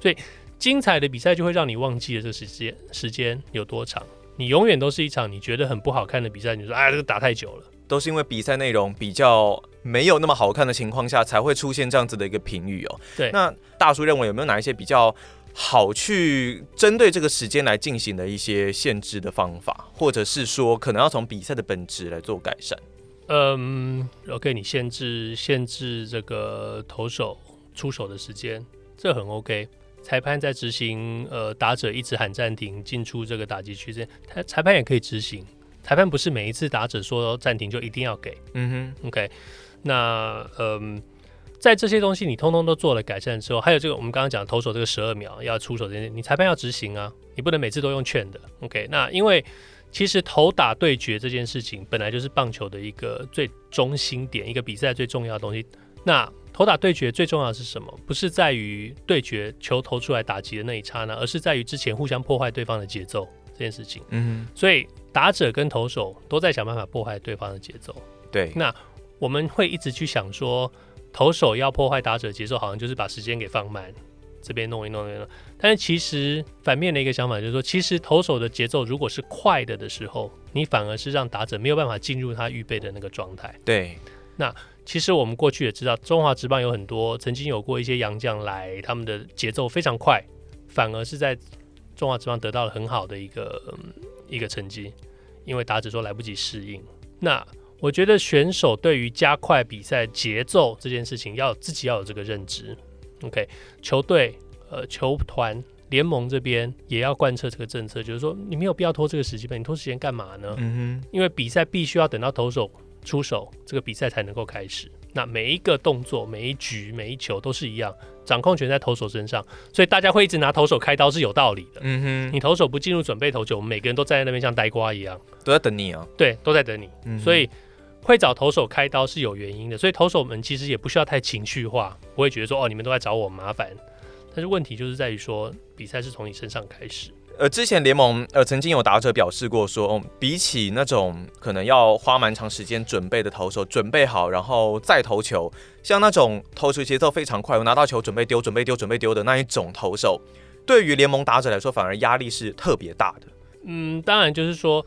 所以精彩的比賽就會讓你忘記了這時間時間有多長。你永遠都是一場你覺得很不好看的比賽，你說，哎，這個打太久了，都是因為比賽內容比較沒有那麼好看的情況下才會出現這樣子的一個評語哦。對，那大叔認為有沒有哪一些比較好去針對這個時間來進行的一些限制的方法，或者是說可能要從比賽的本質來做改善？嗯，OK，你限制限制這個投手出手的時間，這很 OK。裁判在執行，呃，打者一直喊暫停進出這個打擊區間，他裁判也可以執行。裁判不是每一次打者說暫停就一定要給，嗯哼，OK 那。那嗯，在這些東西你通通都做了改善之後，還有這個我們剛剛講的投手這個十二秒要出手這些，你裁判要執行啊，你不能每次都用勸的。OK，那因為。其實投打對決這件事情，本來就是棒球的一個最中心點，一個比賽最重要的東西。那投打對決最重要的是什麼？不是在於對決球投出來打擊的那一剎那，而是在於之前互相破壞對方的節奏這件事情。嗯，所以打者跟投手都在想辦法破壞對方的節奏。對，那我們會一直去想說，投手要破壞打者的節奏，好像就是把時間給放慢。這邊弄一弄一弄，但是其實反面的一個想法就是說，其實投手的節奏如果是快的的時候，你反而是讓打者沒有辦法進入他預備的那個狀態。對，那其實我們過去也知道，中華職棒有很多曾經有過一些洋將來，他們的節奏非常快，反而是在中華職棒得到了很好的一個一個成績，因為打者說來不及適應。那我覺得選手對於加快比賽節奏這件事情，要自己要有這個認知。OK，球隊、呃，球團、聯盟這邊也要貫徹這個政策，就是說你沒有必要拖這個時間唄，你拖時間幹嘛呢？嗯哼，因為比賽必須要等到投手出手，這個比賽才能夠開始。那每一個動作、每一局、每一球都是一樣，掌控權在投手身上，所以大家會一直拿投手開刀是有道理的。嗯哼，你投手不進入準備投球，我們每個人都站在那邊像呆瓜一樣，都在等你啊、哦。對，都在等你。嗯哼，所以。會找投手開刀是有原因的，所以投手們其實也不需要太情緒化，不會覺得說哦，你們都在找我麻煩。但是問題就是在於說，比賽是從你身上開始。呃，之前聯盟呃曾經有打者表示過說，哦，比起那種可能要花蠻長時間準備的投手，準備好然後再投球，像那種投球節奏非常快，我拿到球準備丟、準備丟、準備丟的那一種投手，對於聯盟打者來說反而壓力是特別大的。嗯，當然就是說，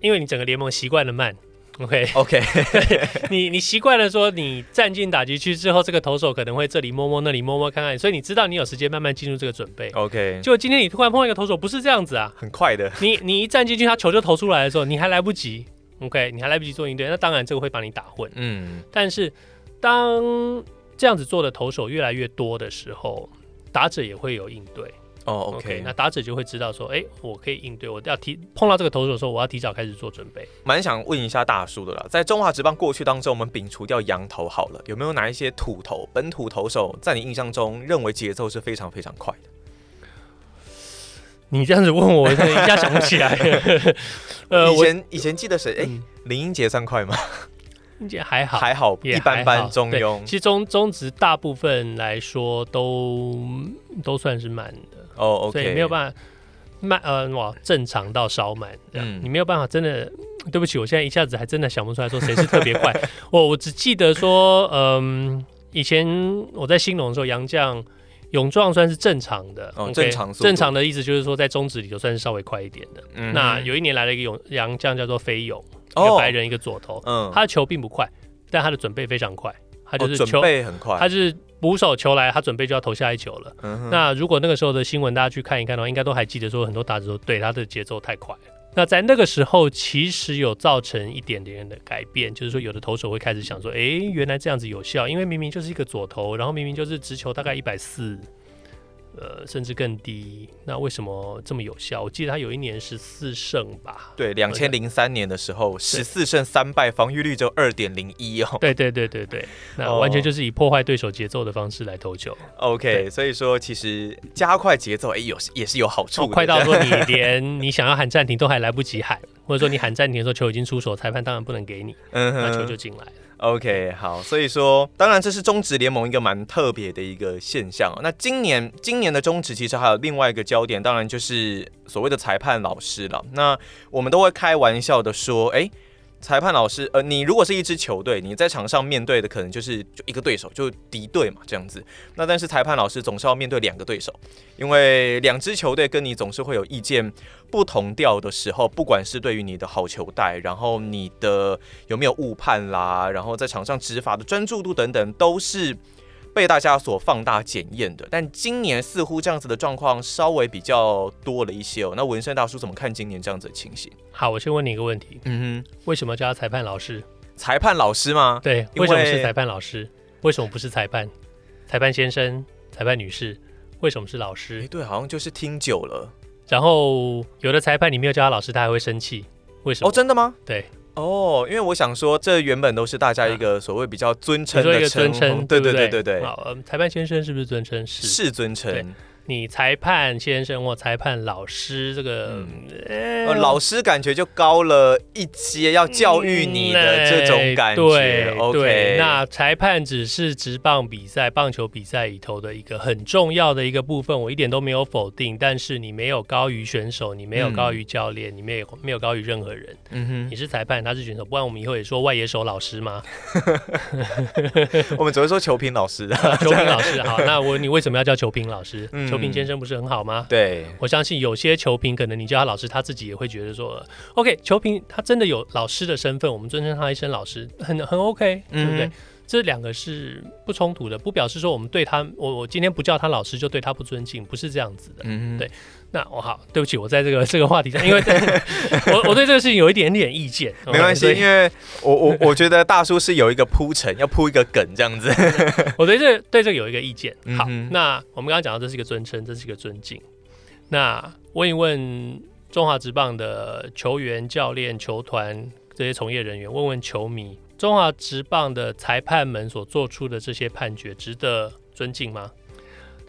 因為你整個聯盟習慣的慢，OK OK， 你你習慣了說你站進打擊區之後，這個投手可能會這裡摸摸那裡摸摸看看，所以你知道你有時間慢慢進入這個準備。OK，就今天你突然碰到一個投手，不是這樣子啊，很快的。 你你一站進去，他球就投出來的時候，你還來不及。OK，你還來不及做應對，那當然這個會把你打混。嗯，但是當這樣子做的投手越來越多的時候，打者也會有應對。哦、oh, okay.，OK，那打者就會知道說，哎、欸，我可以應對，我要提碰到這個投手的時候，我要提早開始做準備。蠻想問一下大叔的啦，在中華職棒過去當中，我們摒除掉洋投好了，有沒有哪一些土投、本土投手，在你印象中認為節奏是非常非常快的？你這樣子問我，我一下想不起來。 呃，以前以前記得誰？哎、嗯、欸，林英傑算快嗎？還好，還好，還好，一般般，中庸。其中中職大部分來說都都算是慢的。哦，所以沒有辦法慢呃，哇，正常到稍慢，你沒有辦法真的，對不起，我現在一下子還真的想不出來說誰是特別快，我我只記得說，嗯，以前我在興農的時候，洋將，勇壯算是正常的，哦，正常，正常的意思就是說在中職裡頭算是稍微快一點的，嗯，那有一年來了一個泳洋將叫做飛勇，一個白人一個左投。嗯，他的球並不快，但他的準備非常快，他就是準備很快，他是。捕手球來，他準備就要投下一球了。嗯、哼那如果那個時候的新聞大家去看一看的話，應該都還記得說很多打者說對他的節奏太快。那在那個時候其實有造成一點點的改變，就是說有的投手會開始想說，哎、欸，原來這樣子有效，因為明明就是一個左投，然後明明就是直球大概一百四。呃，甚至更低。那為什麼這麼有效？我記得他有一年十四勝吧？對，兩千零三年的時候，十四對勝三敗，防禦率就二點零一哦。對對對對對，那完全就是以破壞對手節奏的方式來投球。哦、OK，對所以說其實加快節奏，哎、欸，有也是有好處的、哦，快到說你連你想要喊暫停都還來不及喊， 或者說你喊暫停的時候球已經出手，裁判當然不能給你，嗯、哼那球就進來了。OK，好，所以說，當然這是中職聯盟一個蠻特別的一個現象。那今年，今年的中職其實還有另外一個焦點，當然就是所謂的裁判老師了。那我們都會開玩笑的說，哎、欸。裁判老師，呃，你如果是一支球隊，你在場上面對的可能就是就一個對手，就敵隊嘛這樣子。那但是裁判老師總是要面對兩個對手，因為兩支球隊跟你總是會有意見不同調的時候，不管是對於你的好球帶，然後你的有沒有誤判啦，然後在場上執法的專注度等等，都是。被大家所放大檢驗的，但今年似乎這樣子的狀況稍微比較多了一些哦。那文生大叔怎麼看今年這樣子的情形？好，我先問你一個問題，嗯哼，為什麼叫他裁判老師？裁判老師嗎？對，為什麼是裁判老師？為，為什麼不是裁判？裁判先生、裁判女士，為什麼是老師？哎、欸，對，好像就是聽久了。然後有的裁判你沒有叫他老師，他還會生氣，為什麼？哦，真的嗎？對。哦，因為我想說，這原本都是大家一個所謂比較尊稱的稱呼，哦、對對對對對。好，裁、呃、判先生是不是尊稱？是，是尊稱。你裁判先生或裁判老師，這個、嗯欸呃、老師感覺就高了一階，要教育你的這種感覺。嗯、那對，OK 對那裁判只是職棒比賽、棒球比賽裡頭的一個很重要的一個部分，我一點都沒有否定。但是你沒有高於選手，你沒有高於教練、嗯，你沒有沒有高於任何人。嗯、哼你是裁判，他是選手。不然我們以後也說外野手老師嗎？ 我們只會說球評老師，啊、這樣 球評老師。好，那我你為什麼要叫球評老師？嗯。球評先生不是很好嗎？對、嗯，我相信有些球評，可能你叫他老師，他自己也會覺得說，OK，球評他真的有老師的身份，我們尊稱他一聲老師，很很 OK，對不對？嗯、哼這兩個是不衝突的，不表示說我們對他，我我今天不叫他老師就對他不尊敬，不是這樣子的，嗯哼，對。那我、哦、好，對不起，我在這個這個話題上，因為 我我對這個事情有一點點意見。Okay? 沒關係，以因為我我我覺得大叔是有一個鋪陳， 要鋪一個梗這樣子。 我對這個、對這個有一個意見。好，嗯、哼那我們剛剛講到，這是一個尊稱，這是一個尊敬。那問一問中華職棒的球員、教練、球團這些從業人員，問問球迷，中華職棒的裁判們所做出的這些判決值得尊敬嗎？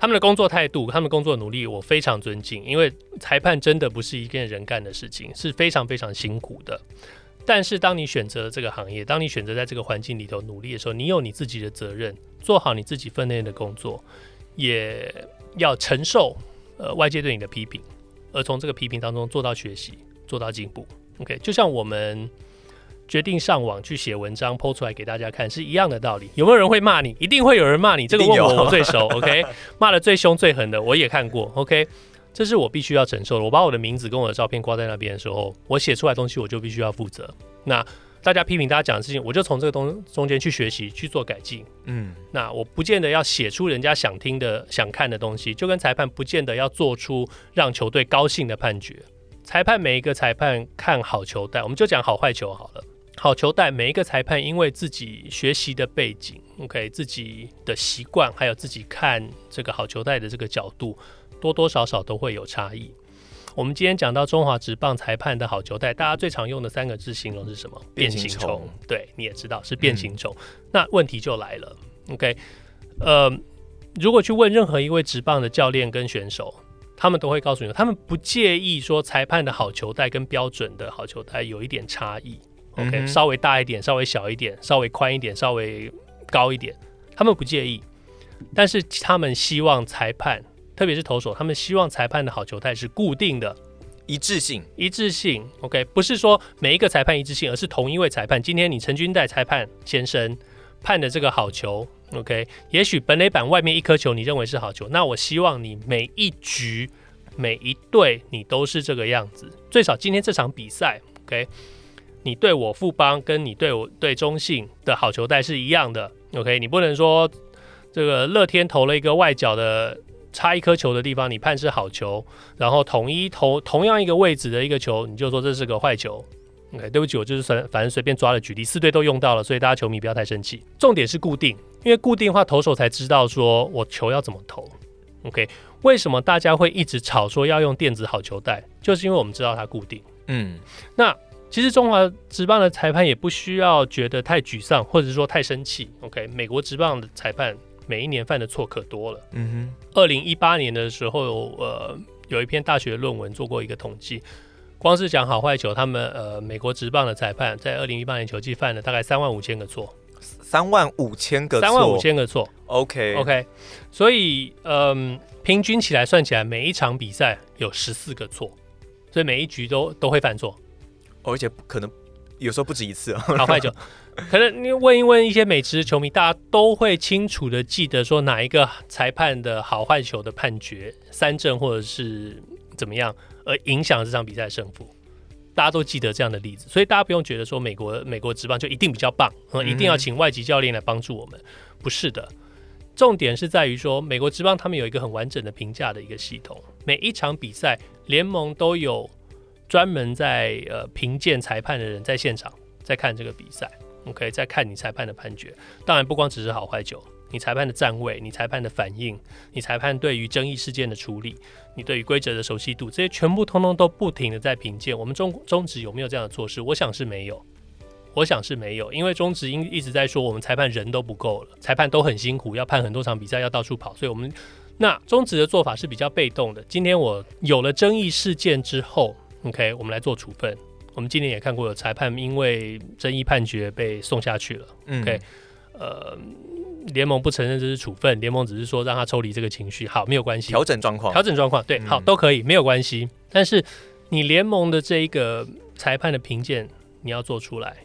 他們的工作態度，他們工作的努力，我非常尊敬。因為裁判真的不是一個人幹的事情，是非常非常辛苦的。但是當你選擇這個行業，當你選擇在這個環境裡頭努力的時候，你有你自己的責任，做好你自己分內的工作，也要承受呃外界對你的批評，而從這個批評當中做到學習，做到進步。OK，就像我們。決定上網去寫文章，PO 出來給大家看，是一樣的道理。有沒有人會罵你？一定會有人罵你。這個問我定我最熟，OK？罵的最凶最狠的我也看過，OK？這是我必須要承受的。我把我的名字跟我的照片掛在那邊的時候，我寫出來的東西我就必須要負責。那大家批評大家講的事情，我就從這個東中間去學習去做改進。嗯那，那我不見得要寫出人家想聽的、想看的東西，就跟裁判不見得要做出讓球隊高興的判決。裁判每一個裁判看好球帶我們就講好壞球好了。好球帶，每一個裁判因為自己學習的背景，OK，自己的習慣，還有自己看這個好球帶的這個角度，多多少少都會有差異。我們今天講到中華職棒裁判的好球帶，大家最常用的三個字形容是什麼？變形蟲。變形蟲。對，你也知道是變形蟲。嗯，那問題就來了，OK，呃，如果去問任何一位職棒的教練跟選手，他們都會告訴你，他們不介意說裁判的好球帶跟標準的好球帶有一點差異。OK、嗯、哼稍微大一點，稍微小一點，稍微寬一點，稍微高一點，他們不介意，但是他們希望裁判，特別是投手，他們希望裁判的好球帶是固定的，一致性，一致性。OK，不是說每一個裁判一致性，而是同一位裁判。今天你陳軍帶裁判先生判的這個好球，OK，也許本壘板外面一顆球你認為是好球，那我希望你每一局、每一隊你都是這個樣子，最少今天這場比賽，OK。你對我富邦跟你對我對中信的好球帶是一樣的。OK，你不能說這個樂天投了一個外角的差一顆球的地方，你判是好球，然後統一投同樣一個位置的一個球，你就說這是個壞球。OK，對不起，我就是隨反正隨便抓了舉例，四隊都用到了，所以大家球迷不要太生氣。重點是固定，因為固定的話，投手才知道說我球要怎麼投。OK，為什麼大家會一直吵說要用電子好球帶？就是因為我們知道它固定。嗯，那。其實中華職棒的裁判也不需要覺得太沮喪，或者是說太生氣。OK，美國職棒的裁判每一年犯的錯可多了。嗯哼，二零一八年的時候，呃，有一篇大學論文做過一個統計，光是講好壞球，他們呃，美國職棒的裁判在二零一八年球季犯了大概三萬五千個錯。三萬五千個，三萬五千個錯。OK，OK，Okay，okay，所以嗯，呃，平均起來算起來，每一場比賽有十四個錯，所以每一局都都會犯錯。哦、而且可能有時候不止一次，啊，好壞球， 可能你問一問一些美職球迷，大家都會清楚的記得說哪一個裁判的好壞球的判決三振或者是怎麼樣，而影響這場比賽勝負，大家都記得這樣的例子。所以大家不用覺得說美國美國職棒就一定比較棒，一定要請外籍教練來幫助我們，嗯嗯，不是的。重點是在於說美國職棒他們有一個很完整的評價的一個系統，每一場比賽聯盟都有，專門在呃評鑑裁判的人在現場在看這個比賽，我們可以在看你裁判的判決。當然不光只是好壞球，你裁判的站位、你裁判的反應、你裁判對於爭議事件的處理、你對於規則的熟悉度，這些全部通通都不停的在評鑑。我們中中職有沒有這樣的措施？我想是沒有，我想是沒有，因為中職一一直在說我們裁判人都不夠了，裁判都很辛苦，要判很多場比賽，要到處跑，所以我們那中職的做法是比較被動的。今天我有了爭議事件之後。OK，我們來做處分。我們今年也看過有裁判因為爭議判決被送下去了。嗯、OK，呃，聯盟不承認這是處分，聯盟只是說讓他抽離這個情緒，好，沒有關係。調整狀況，調整狀況，對，嗯、好，都可以，沒有關係。但是你聯盟的這一個裁判的評鑑，你要做出來。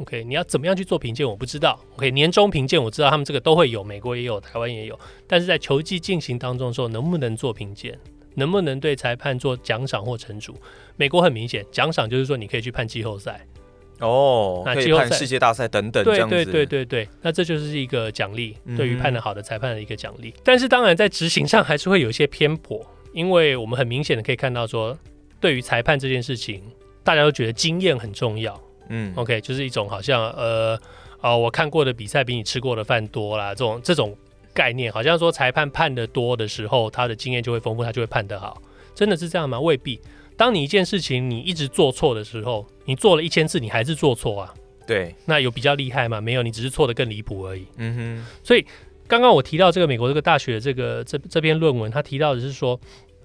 OK，你要怎麼樣去做評鑑，我不知道。OK，年終評鑑我知道他們這個都會有，美國也有，台灣也有。但是在球季進行當中的時候，能不能做評鑑？能不能對裁判做獎賞或懲處？美國很明顯，獎賞就是說你可以去判季後賽，哦，那季後賽、世界大賽等等這樣子。對對對對對，那這就是一個獎勵，嗯、哼對於判得好的裁判的一個獎勵。但是當然，在執行上還是會有一些偏頗，因為我們很明顯的可以看到說，對於裁判這件事情，大家都覺得經驗很重要。嗯，OK，就是一種好像呃哦、呃，我看過的比賽比你吃過的飯多啦，這種這種。概念好像說，裁判判得多的時候，他的經驗就會豐富，他就會判得好。真的是這樣嗎？未必。當你一件事情你一直做錯的時候，你做了一千次，你還是做錯啊。對。那有比較厲害嗎？沒有，你只是錯得更離譜而已。嗯哼。所以剛剛我提到這個美國這個大學的這個這這篇論文，他提到的是說，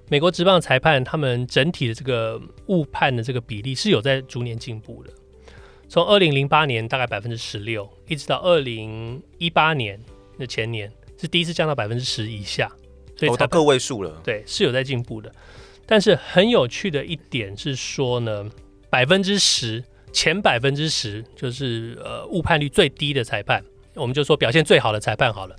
美國職棒裁判他們整體的這個誤判的這個比例是有在逐年進步的，從二零零八年大概百分之十六，一直到二零一八年的前年，是第一次降到百分之十以下，所以才，哦，個位數了。對，是有在進步的。但是很有趣的一點是說呢，百分之十前百分之十就是呃誤判率最低的裁判，我們就說表現最好的裁判好了，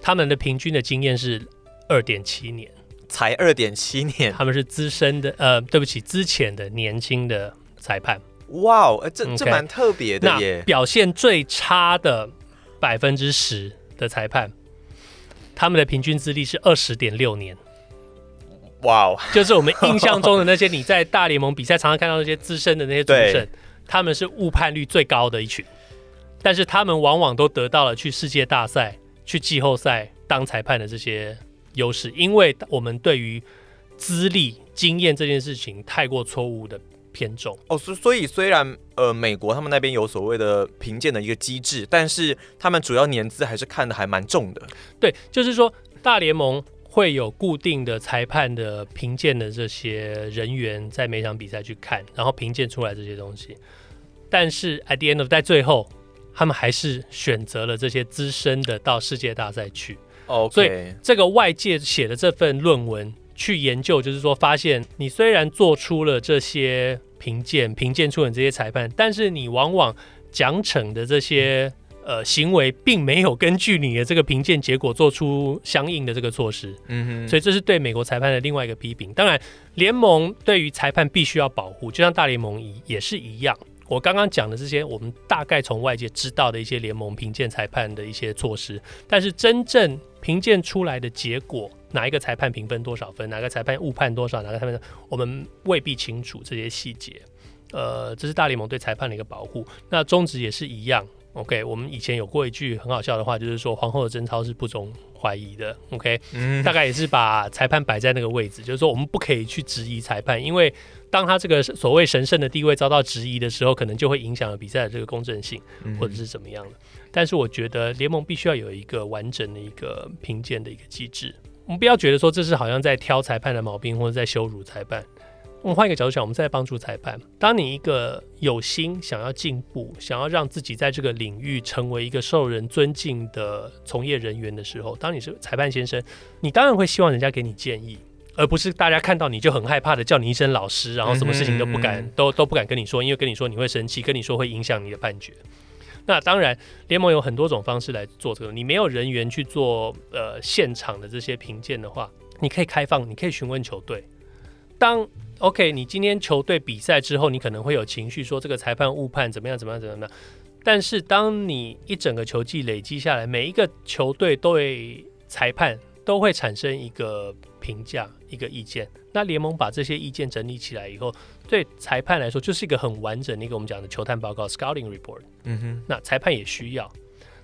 他們的平均的經驗是二點七年，才二點七年，他們是資深的呃，對不起，資淺的年輕的裁判。哇哦、wow, 欸，這 Okay 這蠻特別的耶。那表現最差的百分之十的裁判。他們的平均資歷是二十點六年，哇哦 Wow！就是我們印象中的那些你在大聯盟比賽常常看到那些資深的那些主審，對他們是誤判率最高的一群，但是他們往往都得到了去世界大賽、去季後賽當裁判的這些優勢，因為我們對於資歷、經驗這件事情太過錯誤的偏重哦，所所以雖然呃，美國他們那邊有所謂的評鑑的一個機制，但是他們主要年資還是看得還蠻重的。對，就是說大聯盟會有固定的裁判的評鑑的這些人員，在每場比賽去看，然後評鑑出來這些東西。但是 at the end 在最後，他們還是選擇了這些資深的到世界大賽去。哦，Okay. 所以這個外界寫的這份論文。去研究，就是說，發現你雖然做出了這些評鑑、評鑑出了這些裁判，但是你往往獎懲的這些、嗯、呃行為，並沒有根據你的這個評鑑結果做出相應的這個措施。嗯嗯哼，所以這是對美國裁判的另外一個批評。當然，聯盟對於裁判必須要保護，就像大聯盟一也是一樣。我剛剛講的這些，我們大概從外界知道的一些聯盟評鑑裁判的一些措施，但是真正評鑑出來的結果，哪一個裁判評分多少分，哪個裁判誤判多少，哪個裁判，我們未必清楚這些細節。呃，這是大聯盟對裁判的一個保護。那中職也是一樣。OK，我們以前有過一句很好笑的話，就是說皇後的貞操是不忠。懷疑的，OK，、嗯、大概也是把裁判擺在那個位置，就是說我們不可以去質疑裁判，因為當他這個所謂神聖的地位遭到質疑的時候，可能就會影響了比賽的這個公正性，或者是怎麼樣的。嗯、但是我覺得聯盟必須要有一個完整的一個評鑑的一個機制，我們不要覺得說這是好像在挑裁判的毛病，或者在羞辱裁判。我們換一個角度講，我們再來幫助裁判。當你一個有心想要進步，想要讓自己在這個領域成為一個受人尊敬的從業人員的時候，當你是裁判先生，你當然會希望人家給你建議，而不是大家看到你就很害怕的叫你一聲老師，然後什麼事情都不敢，嗯嗯嗯都都不敢跟你說，因為跟你說你會生氣，跟你說會影響你的判決。那當然，聯盟有很多種方式來做這個。你沒有人員去做呃現場的這些評鑑的話，你可以開放，你可以詢問球隊。當 OK，你今天球隊比賽之後，你可能會有情緒，說這個裁判誤判怎麼樣怎麼樣怎麼樣。但是，當你一整個球季累積下來，每一個球隊對裁判都會產生一個評價，一個意見。那聯盟把這些意見整理起來以後，對裁判來說就是一個很完整的一個我們講的球探報告 （scouting report），嗯哼。那裁判也需要。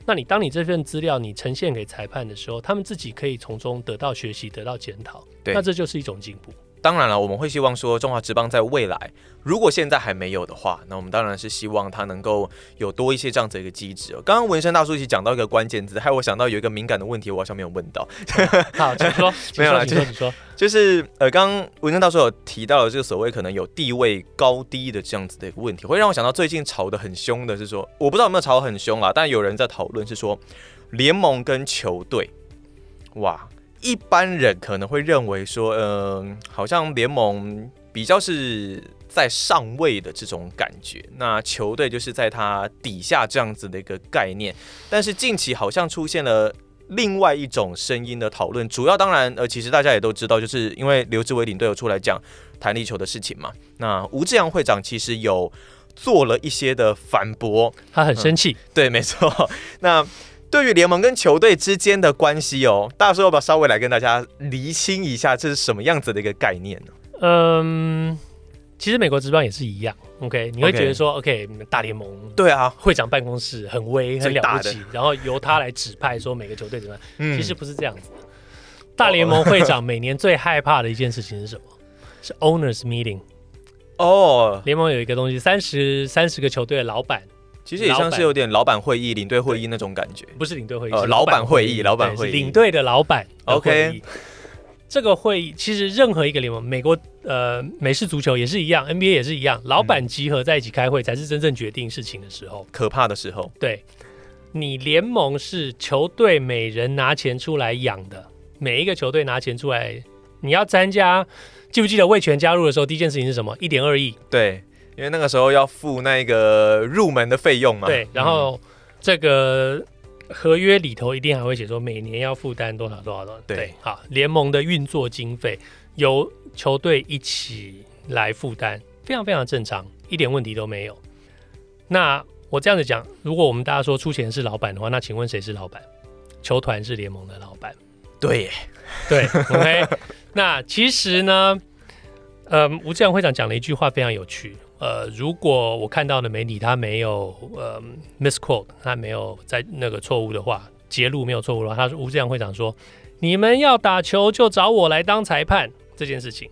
那你當你這份資料你呈現給裁判的時候，他們自己可以從中得到學習，得到檢討。對，那這就是一種進步。當然了，我們會希望說中華職棒在未來，如果現在還沒有的話，那我們當然是希望它能夠有多一些這樣子的一個機制。剛剛文生大叔一起講到一個關鍵字，害我想到有一個敏感的問題，我好像沒有問到。嗯、好，請說，請說 沒有了啦，請說，就是、請說、就是，就是呃，剛剛文生大叔有提到的這個所謂可能有地位高低的這樣子的一個問題，會讓我想到最近吵得很兇的是說，我不知道有沒有吵得很兇啊，但有人在討論是說聯盟跟球隊，哇。一般人可能會認為說，嗯、呃，好像聯盟比較是在上位的這種感覺，那球隊就是在他底下這樣子的一個概念。但是近期好像出現了另外一種聲音的討論，主要當然呃，其實大家也都知道，就是因為劉志威領隊有出來講彈力球的事情嘛。那吳志揚會長其實有做了一些的反駁，他很生氣、嗯，對，沒錯。那。對於聯盟跟球隊之間的關係哦，大叔要不要稍微來跟大家釐清一下，這是什麼樣子的一個概念呢、啊？嗯，其實美國職棒也是一樣。OK，你會覺得說 OK,，OK，你們大聯盟對啊，會長辦公室很威、啊、很了不起，然後由他來指派說每個球隊怎麼樣，嗯、其實不是這樣子的。大聯盟會長每年最害怕的一件事情是什麼？ 是 owners meeting 哦，oh、聯盟有一個東西，三十三十個球隊的老板。其實也像是有點老板會議、領隊會議那種感覺，不是領隊會,會,會議，老板會議、是老板會議、領隊的老板。OK，這個會議其實任何一個聯盟，美國呃美式足球也是一樣，NBA 也是一樣，老板集合在一起開會，才是真正決定事情的時候，可怕的時候。對，你聯盟是球隊每人拿錢出來養的，每一個球隊拿錢出來，你要參加，記不記得味全加入的時候，第一件事情是什麼？一點二億。對。因為那個時候要付那個入門的費用嘛，對。然後這個合約裡頭一定還會寫說，每年要負擔多少多少多少，對，對。好，聯盟的運作經費由球隊一起來負擔，非常非常正常，一點問題都沒有。那我這樣子講，如果我們大家說出錢是老闆的話，那請問誰是老闆？球團是聯盟的老闆，對，對。 OK，那其實呢，呃，吳志揚會長講了一句話，非常有趣。呃，如果我看到的媒體他沒有呃，misquote 他沒有在那個錯誤的話，揭露沒有錯誤的話，他是吳志揚會長說，你們要打球就找我來當裁判這件事情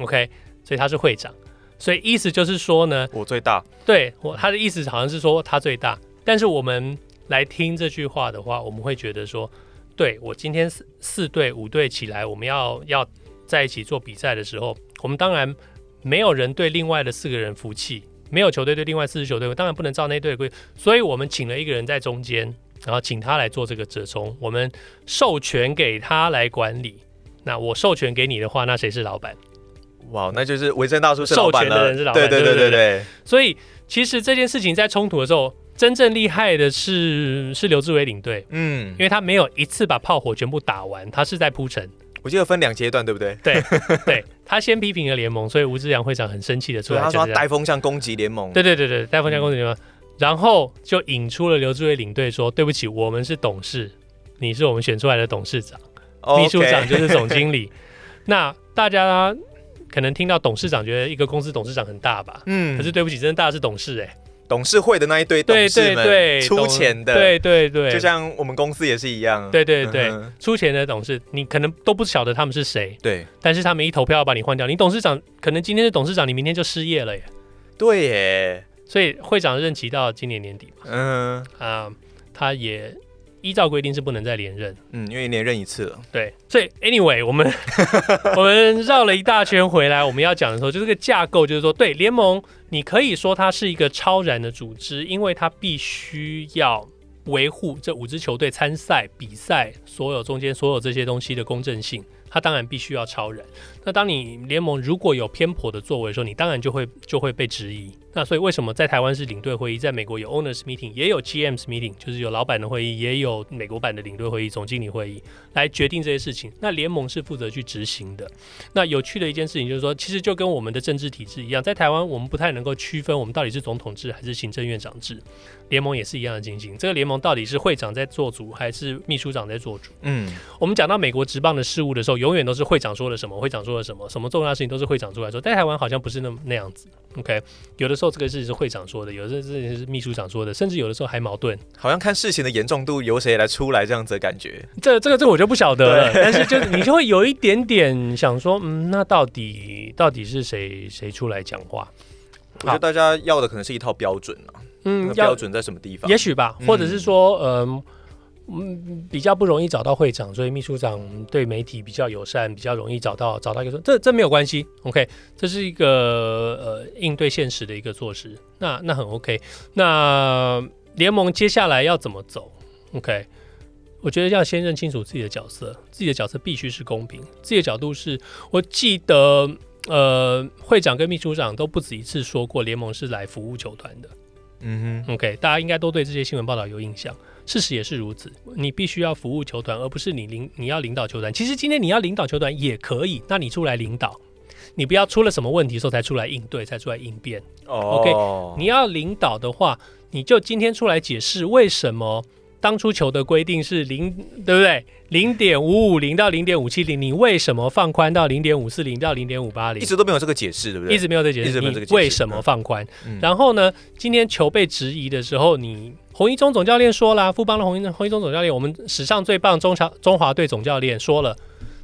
，OK，所以他是會長，所以意思就是說呢，我最大。對，我他的意思好像是說他最大，但是我們來聽這句話的話，我們會覺得說，對我今天四四隊五隊起來，我們要要在一起做比賽的時候，我們當然。沒有人對另外的四個人服氣，沒有球隊對另外四支球隊，我當然不能照那隊規。所以我們請了一個人在中間，然後請他來做這個折衝，我們授權給他來管理。那我授權給你的話，那誰是老板？哇，那就是文生大叔授權的人是老板，對對對對對。對對對對所以其實這件事情在衝突的時候，真正厲害的是是劉志偉領隊，嗯，因為他沒有一次把炮火全部打完，他是在鋪陳。我記得分兩階段，對不對？對對，他先批評了聯盟，所以吳志揚會長很生氣的出來，他說他帶風向攻擊聯盟。對對對對，帶風向攻擊聯盟，嗯、然後就引出了劉志偉領隊說：“對不起，我們是董事，你是我們選出來的董事長，Okay 秘書長就是總經理。 那大家可能聽到董事長，覺得一個公司董事長很大吧？嗯，可是對不起，真的大的是董事哎、欸。”董事會的那一堆董事們出錢的，對對對，就像我們公司也是一樣，對對對，出錢、嗯、哼的董事，你可能都不曉得他們是誰，對，但是他們一投票把你換掉，你董事長可能今天是董事長，你明天就失業了耶，對耶，所以會長任期到今年年底嘛，嗯啊哼、呃，他也。依照規定是不能再連任，嗯，因為連任一次了。對，所以 anyway，我們 我們繞了一大圈回來，我們要講的時候，就是、這個架構，就是說，對聯盟，你可以說它是一個超然的組織，因為它必須要維護這五支球隊參賽比賽所有中間所有這些東西的公正性，它當然必須要超然。那當你聯盟如果有偏頗的作為的時候，你當然就會就會被質疑。那所以為什麼在台灣是領隊會議，在美國有 owners meeting，也有 GMs meeting，就是有老板的會議，也有美國版的領隊會議、總經理會議來決定這些事情。那聯盟是負責去執行的。那有趣的一件事情就是說，其實就跟我們的政治體制一樣，在台灣我們不太能夠區分我們到底是總統制還是行政院長制。聯盟也是一樣的情形，這個聯盟到底是會長在做主，還是秘書長在做主？嗯，我們講到美國職棒的事務的時候，永遠都是會長說了什麼，會長說。做了什麼？什麼重大事情都是會長出來說，但台灣好像不是那麼那樣子。OK，有的時候這個事情是會長說的，有的事情是秘書長說的，甚至有的時候還矛盾，好像看事情的嚴重度由誰來出來這樣子的感覺。這、這個、這個、我就不曉得了。對但是就是你就會有一點點想說， 嗯，那到底到底是誰誰出來講話？我覺得大家要的可能是一套標準、啊、嗯，標準在什麼地方？也許吧，或者是說，嗯。呃嗯，比較不容易找到會長，所以秘書長對媒體比較友善，比較容易找到。找到一個說這這沒有關係，OK，這是一個呃應對現實的一個措施，那那很 OK 那。那聯盟接下來要怎麼走？OK，我覺得要先認清楚自己的角色，自己的角色必須是公平，自己的角度是我記得呃，會長跟秘書長都不止一次說過，聯盟是來服務球團的。嗯哼，OK，大家應該都對這些新聞報道有印象。事實也是如此，你必須要服務球團，而不是你領你要領導球團。其實今天你要領導球團也可以，那你出來領導，你不要出了什麼問題時候才出來應對，才出來應變。Oh. OK，你要領導的話，你就今天出來解釋為什麼當初球的規定是領，對不對？零點五五零到零點五七零，你為什麼放寬到零點五四零到零點五八零？一直都沒有這個解釋，對不對？一直沒有這個解釋，為什麼放寬？嗯、然後呢？今天球被質疑的時候，你洪一中總教練說了，富邦的洪一洪一中總教練，我們史上最棒中長中華隊總教練說了，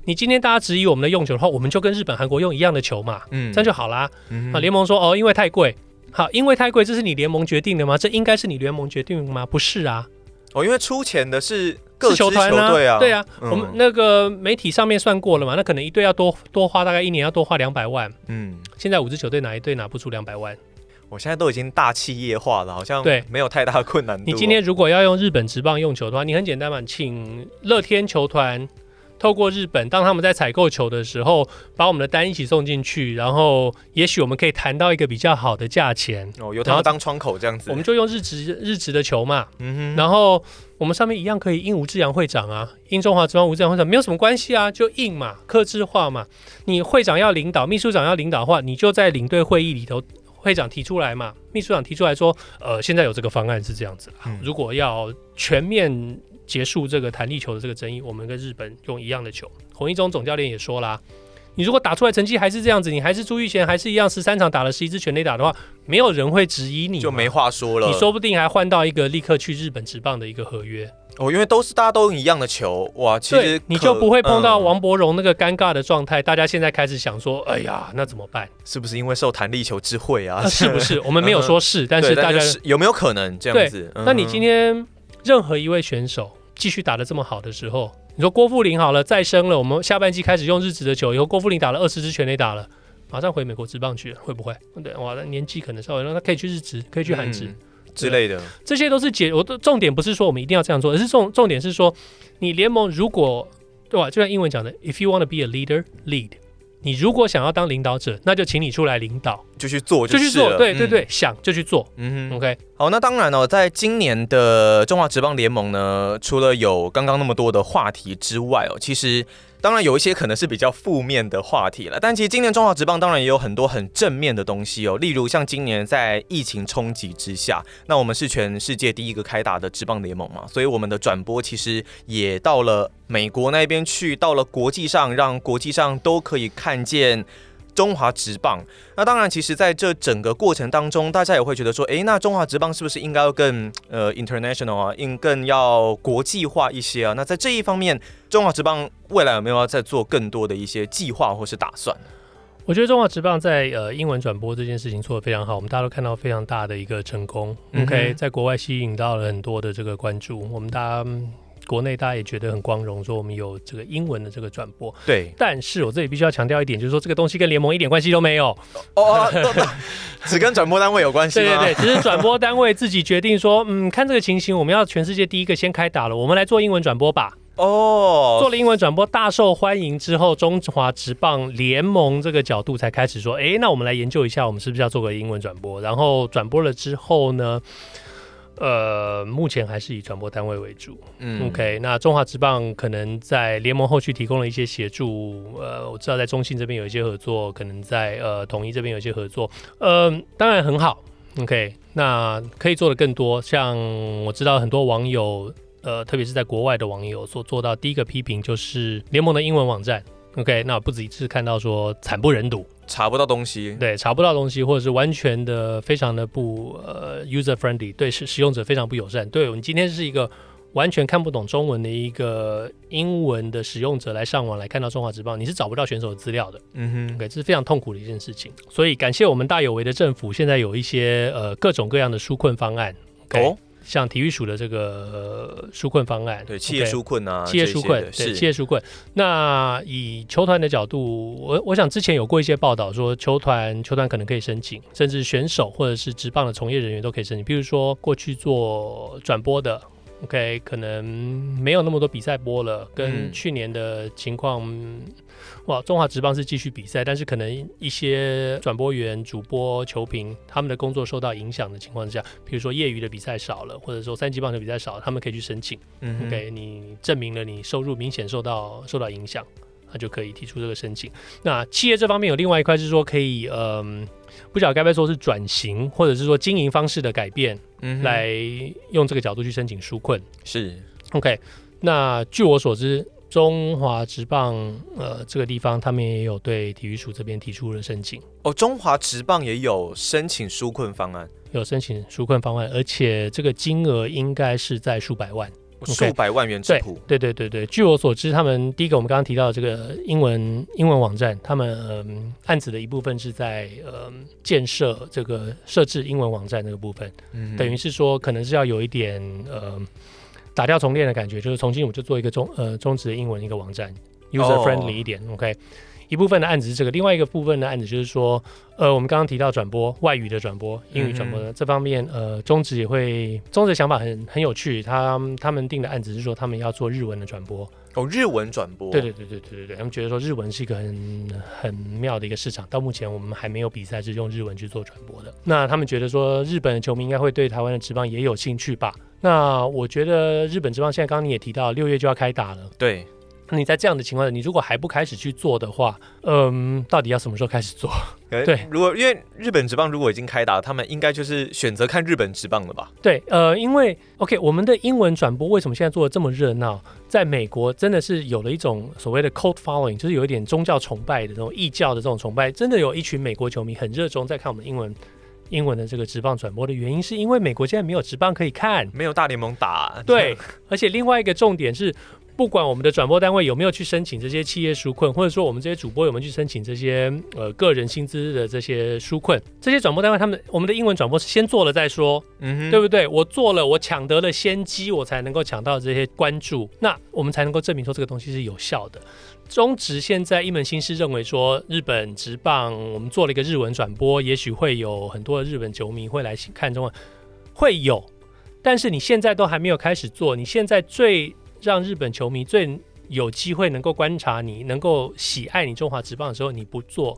你今天大家質疑我們的用球的話，我們就跟日本、韓國用一樣的球嘛，嗯，這樣就好啦。啊、嗯哼，聯盟說哦，因為太貴，好，因為太貴，這是你聯盟決定的嗎？這應該是你聯盟決定的嗎？不是啊，哦，因為出錢的是。各球支隊啊，啊對啊，嗯、我們那個媒體上面算過了嘛？那可能一隊要多多花，大概一年要多花兩百萬。嗯，現在五支球隊哪一隊拿不出兩百萬？我、哦、現在都已經大企業化了，好像對沒有太大的困難、哦。你今天如果要用日本職棒用球的話，你很簡單嘛，請樂天球團透過日本，當他們在採購球的時候，把我們的單一起送進去，然後也許我們可以談到一個比較好的價錢。哦，由他們當窗口這樣子、欸，我們就用日職日職的球嘛。嗯哼，然後。我們上面一樣可以印吳志揚會長啊，印中華職棒吳志揚會長沒有什麼關係啊，就印嘛，客製化嘛。你會長要領導，秘書長要領導的話，你就在領隊會議裡頭，會長提出來嘛，秘書長提出來說，呃，現在有這個方案是這樣子。嗯、如果要全面結束這個彈力球的這個爭議，我們跟日本用一樣的球。洪一中總教練也說了。你如果打出來成績還是這樣子，你還是朱玉賢，還是一樣十三場打了十一支，全壘打的話，沒有人會質疑你，就沒話說了。你說不定還換到一個立刻去日本職棒的一個合約哦，因為都是大家都用一樣的球哇，其實對可你就不會碰到王柏融那個尷尬的狀態。嗯、大家現在開始想說，哎呀，那怎麼辦？是不是因為受彈力球之惠啊？是不是？我們沒有說是，嗯、哼但是大家是有沒有可能這樣子？那對、嗯、哼你今天任何一位選手繼續打得這麼好的時候，你說郭富林好了，再生了。我們下半季開始用日職的球。以後郭富林打了二十支全壘打了，馬上回美國職棒去了，會不會？對，哇，年紀可能稍微，那他可以去日職，可以去韓職、嗯、對之類的。這些都是解我的重點，不是說我們一定要這樣做，而是重重點是說，你聯盟如果對吧？就像英文講的，if you wanna be a leader, lead。你如果想要當領導者，那就請你出來領導。就去做就，就去做，對對對，嗯、想就去做，嗯哼，OK。好，那當然哦，在今年的中華職棒聯盟呢，除了有剛剛那麼多的話題之外哦，其實當然有一些可能是比較負面的話題了。但其實今年中華職棒當然也有很多很正面的東西哦，例如像今年在疫情衝擊之下，那我們是全世界第一個開打的職棒聯盟嘛，所以我們的轉播其實也到了美國那邊去，到了國際上，讓國際上都可以看見。中華職棒，那當然，其實在這整個過程當中，大家也會覺得說，誒、欸，那中華職棒是不是應該要更呃，international 啊，應更要國際化一些啊？那在這一方面，中華職棒未來有沒有要再做更多的一些計劃或是打算？我覺得中華職棒在呃英文轉播這件事情做得非常好，我們大家都看到非常大的一個成功，OK，在國外吸引到了很多的這個關注，我們大家。國內大家也覺得很光榮，說我們有這個英文的這個轉播。對，但是我這裡必須要強調一點，就是說，這個東西跟聯盟一點關係都沒有哦，哦啊、 只跟轉播單位有關係。對對對，只是轉播單位自己決定說， 嗯，看這個情形，我們要全世界第一個先開打了，我們來做英文轉播吧。哦，做了英文轉播大受歡迎之後，中華職棒聯盟這個角度才開始說，誒，那我們來研究一下，我們是不是要做個英文轉播？然後轉播了之後呢？呃，目前還是以傳播單位為主。嗯，OK，那中華職棒可能在聯盟後續提供了一些協助。呃，我知道在中信這邊有一些合作，可能在呃統一這邊有一些合作。嗯、呃，當然很好。OK，那可以做的更多。像我知道很多網友，呃，特別是在國外的網友所做到第一個批評就是聯盟的英文網站。OK，那我不止一次看到說慘不忍睹。查不到東西，對，查不到東西，或者是完全的、非常的不呃，user friendly，對使使用者非常不友善。對我們今天是一個完全看不懂中文的一個英文的使用者來上網來看到中華職棒，你是找不到選手的資料的。嗯哼，OK，這是非常痛苦的一件事情。所以感謝我們大有為的政府，現在有一些呃各種各樣的紓困方案。Okay? 哦像體育署的這個紓困方案，對，企業紓困啊，OK、企業紓困，對，是企業紓困。那以球團的角度，我我想之前有過一些報道說，球團球團可能可以申請，甚至選手或者是職棒的從業人員都可以申請，比如說過去做轉播的。OK，可能沒有那麼多比賽播了，跟去年的情況，嗯、哇，中華職棒是繼續比賽，但是可能一些轉播員、主播、球評他們的工作受到影響的情況之下，比如說業餘的比賽少了，或者說三級棒球比賽少了，他們可以去申請。嗯，嗯，OK，你證明了你收入明顯受到受到影響，他就可以提出這個申請。那企業這方面有另外一塊是說可以，嗯、呃。不曉得該不該說是轉型，或者是說經營方式的改變，嗯，來用這個角度去申請紓困。是，OK。那據我所知，中華職棒呃，這個地方，他們也有對體育署這邊提出了申請。哦，中華職棒也有申請紓困方案，有申請紓困方案，而且這個金額應該是在數百萬。數百萬元，之譜、okay, 對對對對。據我所知，他們第一個我們剛剛提到的這個英文英文網站，他們案子、呃、的一部分是在嗯、呃、建設這個設置英文網站那個部分，嗯、等於是說可能是要有一點呃打掉重練的感覺，就是重新我就做一個中呃中職的英文一個網站、oh.，user friendly 一點，OK。一部分的案子是這個，另外一個部分的案子就是說，呃，我們剛剛提到，轉播外語的轉播，英語轉播的，嗯哼，這方面，呃，中職也會，中職的想法很很有趣，他他們定的案子是說他們要做日文的轉播，哦，日文轉播，對對對對對對，他們覺得說日文是一個很很妙的一個市場，到目前我們還沒有比賽是用日文去做轉播的，那他們覺得說日本的球迷應該會對台灣的職棒也有興趣吧？那我覺得日本職棒現在剛剛你也提到六月就要開打了，對。你在這樣的情況下，你如果還不開始去做的話，嗯，到底要什麼時候開始做？嗯、對，如果因為日本職棒如果已經開打，他們應該就是選擇看日本職棒了吧？對，呃，因為 OK，我們的英文轉播為什麼現在做的這麼熱鬧？在美國真的是有了一種所謂的 cult following，就是有一點宗教崇拜的這種異教的這種崇拜，真的有一群美國球迷很熱衷在看我們英文英文的這個職棒轉播的原因，是因為美國現在沒有職棒可以看，沒有大聯盟打。對，這樣。而且另外一個重點是，不管我們的轉播單位有沒有去申請這些企業紓困，或者說我們這些主播有沒有去申請這些呃個人薪資的這些紓困，這些轉播單位他們我們的英文轉播是先做了再說，嗯哼，對不對？我做了，我搶得了先機，我才能夠搶到這些關注，那我們才能夠證明說這個東西是有效的。中職現在一門心思認為說日本職棒，我們做了一個日文轉播，也許會有很多的日本球迷會來看中文，會有，但是你現在都還沒有開始做，你現在最。讓日本球迷最有機會能夠觀察你，能夠喜愛你中華職棒的時候，你不做，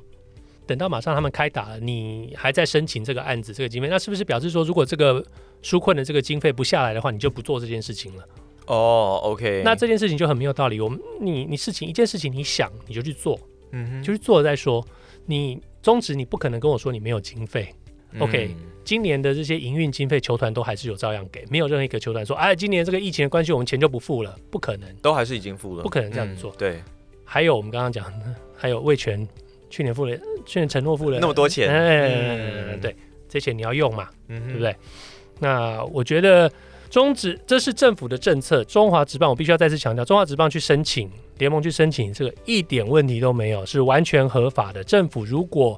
等到馬上他們開打了，你還在申請這個案子這個經費，那是不是表示說，如果這個紓困的這個經費不下來的話，你就不做這件事情了？哦、oh，OK，那這件事情就很沒有道理。我們你你事情一件事情，你想你就去做，嗯哼，就去做了再說。你終止，你不可能跟我說你沒有經費、嗯、，OK。今年的這些營運經費，球團都還是有照樣給，沒有任何一個球團說，哎，今年這個疫情的關係，我們錢就不付了，不可能，都還是已經付了，不可能這樣子做、嗯。對，還有我們剛剛講，還有味全去年付了，去年承諾付了那麼多錢，對，這錢你要用嘛，嗯、哼對不對？那我覺得終止，這是政府的政策，中華職棒我必須要再次強調，中華職棒去申請，聯盟去申請，這個一點問題都沒有，是完全合法的。政府如果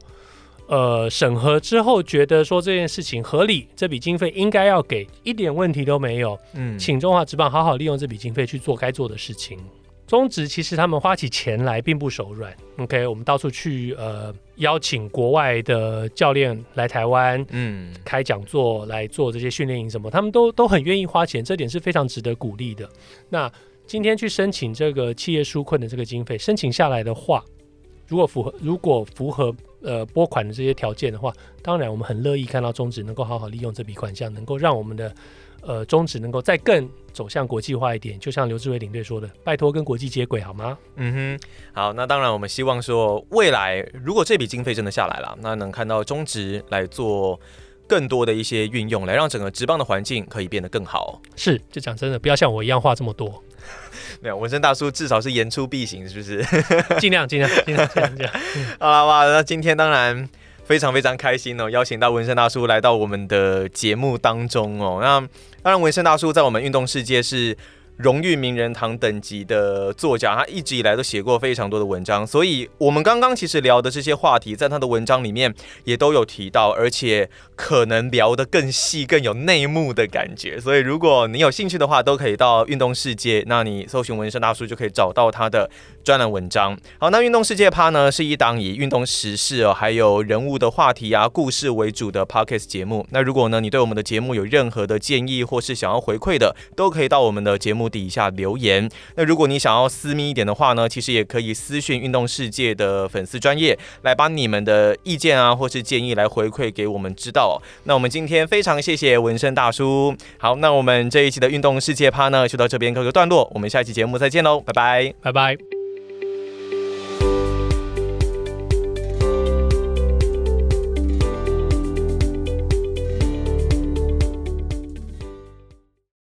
呃，審核之後覺得說這件事情合理，這筆經費應該要給，一點問題都沒有。嗯，請中華職棒好好利用這筆經費去做該做的事情。中職其實他們花起錢來並不手軟。OK，我們到處去呃邀請國外的教練來台灣，嗯，開講座來做這些訓練營什麼，嗯，他們都都很願意花錢，這點是非常值得鼓勵的。那今天去申請這個企業紓困的這個經費，申請下來的話，如果符合，如果符合。呃，撥款的這些條件的話，當然我們很樂意看到中職能夠好好利用這筆款項，能夠讓我們的呃中職能夠再更走向國際化一點。就像劉志偉領隊說的，拜托跟國際接軌好嗎？嗯哼，好。那當然，我們希望說未來如果這筆經費真的下來了，那能看到中職來做更多的一些運用，來讓整個職棒的環境可以變得更好。是，就講真的，不要像我一樣話這麼多。 沒有，文生大叔，至少是言出必行，是不是？盡量盡量盡量盡量。量量量量嗯、 好啦哇，那今天當然非常非常開心哦，邀請到文生大叔來到我們的節目當中哦。那當然，文生大叔在我們運動世界是。榮譽名人堂等級的作家，他一直以來都寫過非常多的文章，所以我們剛剛其實聊的這些話題，在他的文章裡面也都有提到，而且可能聊得更細、更有內幕的感覺。所以，如果你有興趣的話，都可以到運動世界，那你搜尋“文生大叔”就可以找到他的。專欄文章好，那運動世界趴呢，是一檔以運動時事哦，還有人物的話題啊、故事為主的 Podcast 節目。那如果呢，你對我們的節目有任何的建議或是想要回饋的，都可以到我們的節目底下留言。那如果你想要私密一點的話呢，其實也可以私訊運動世界的粉絲專頁來把你們的意見啊或是建議來回饋給我們知道。那我們今天非常謝謝文生大叔。好，那我們這一期的運動世界趴呢，就到這邊告個段落。我們下一期節目再見嘍，拜拜，拜拜。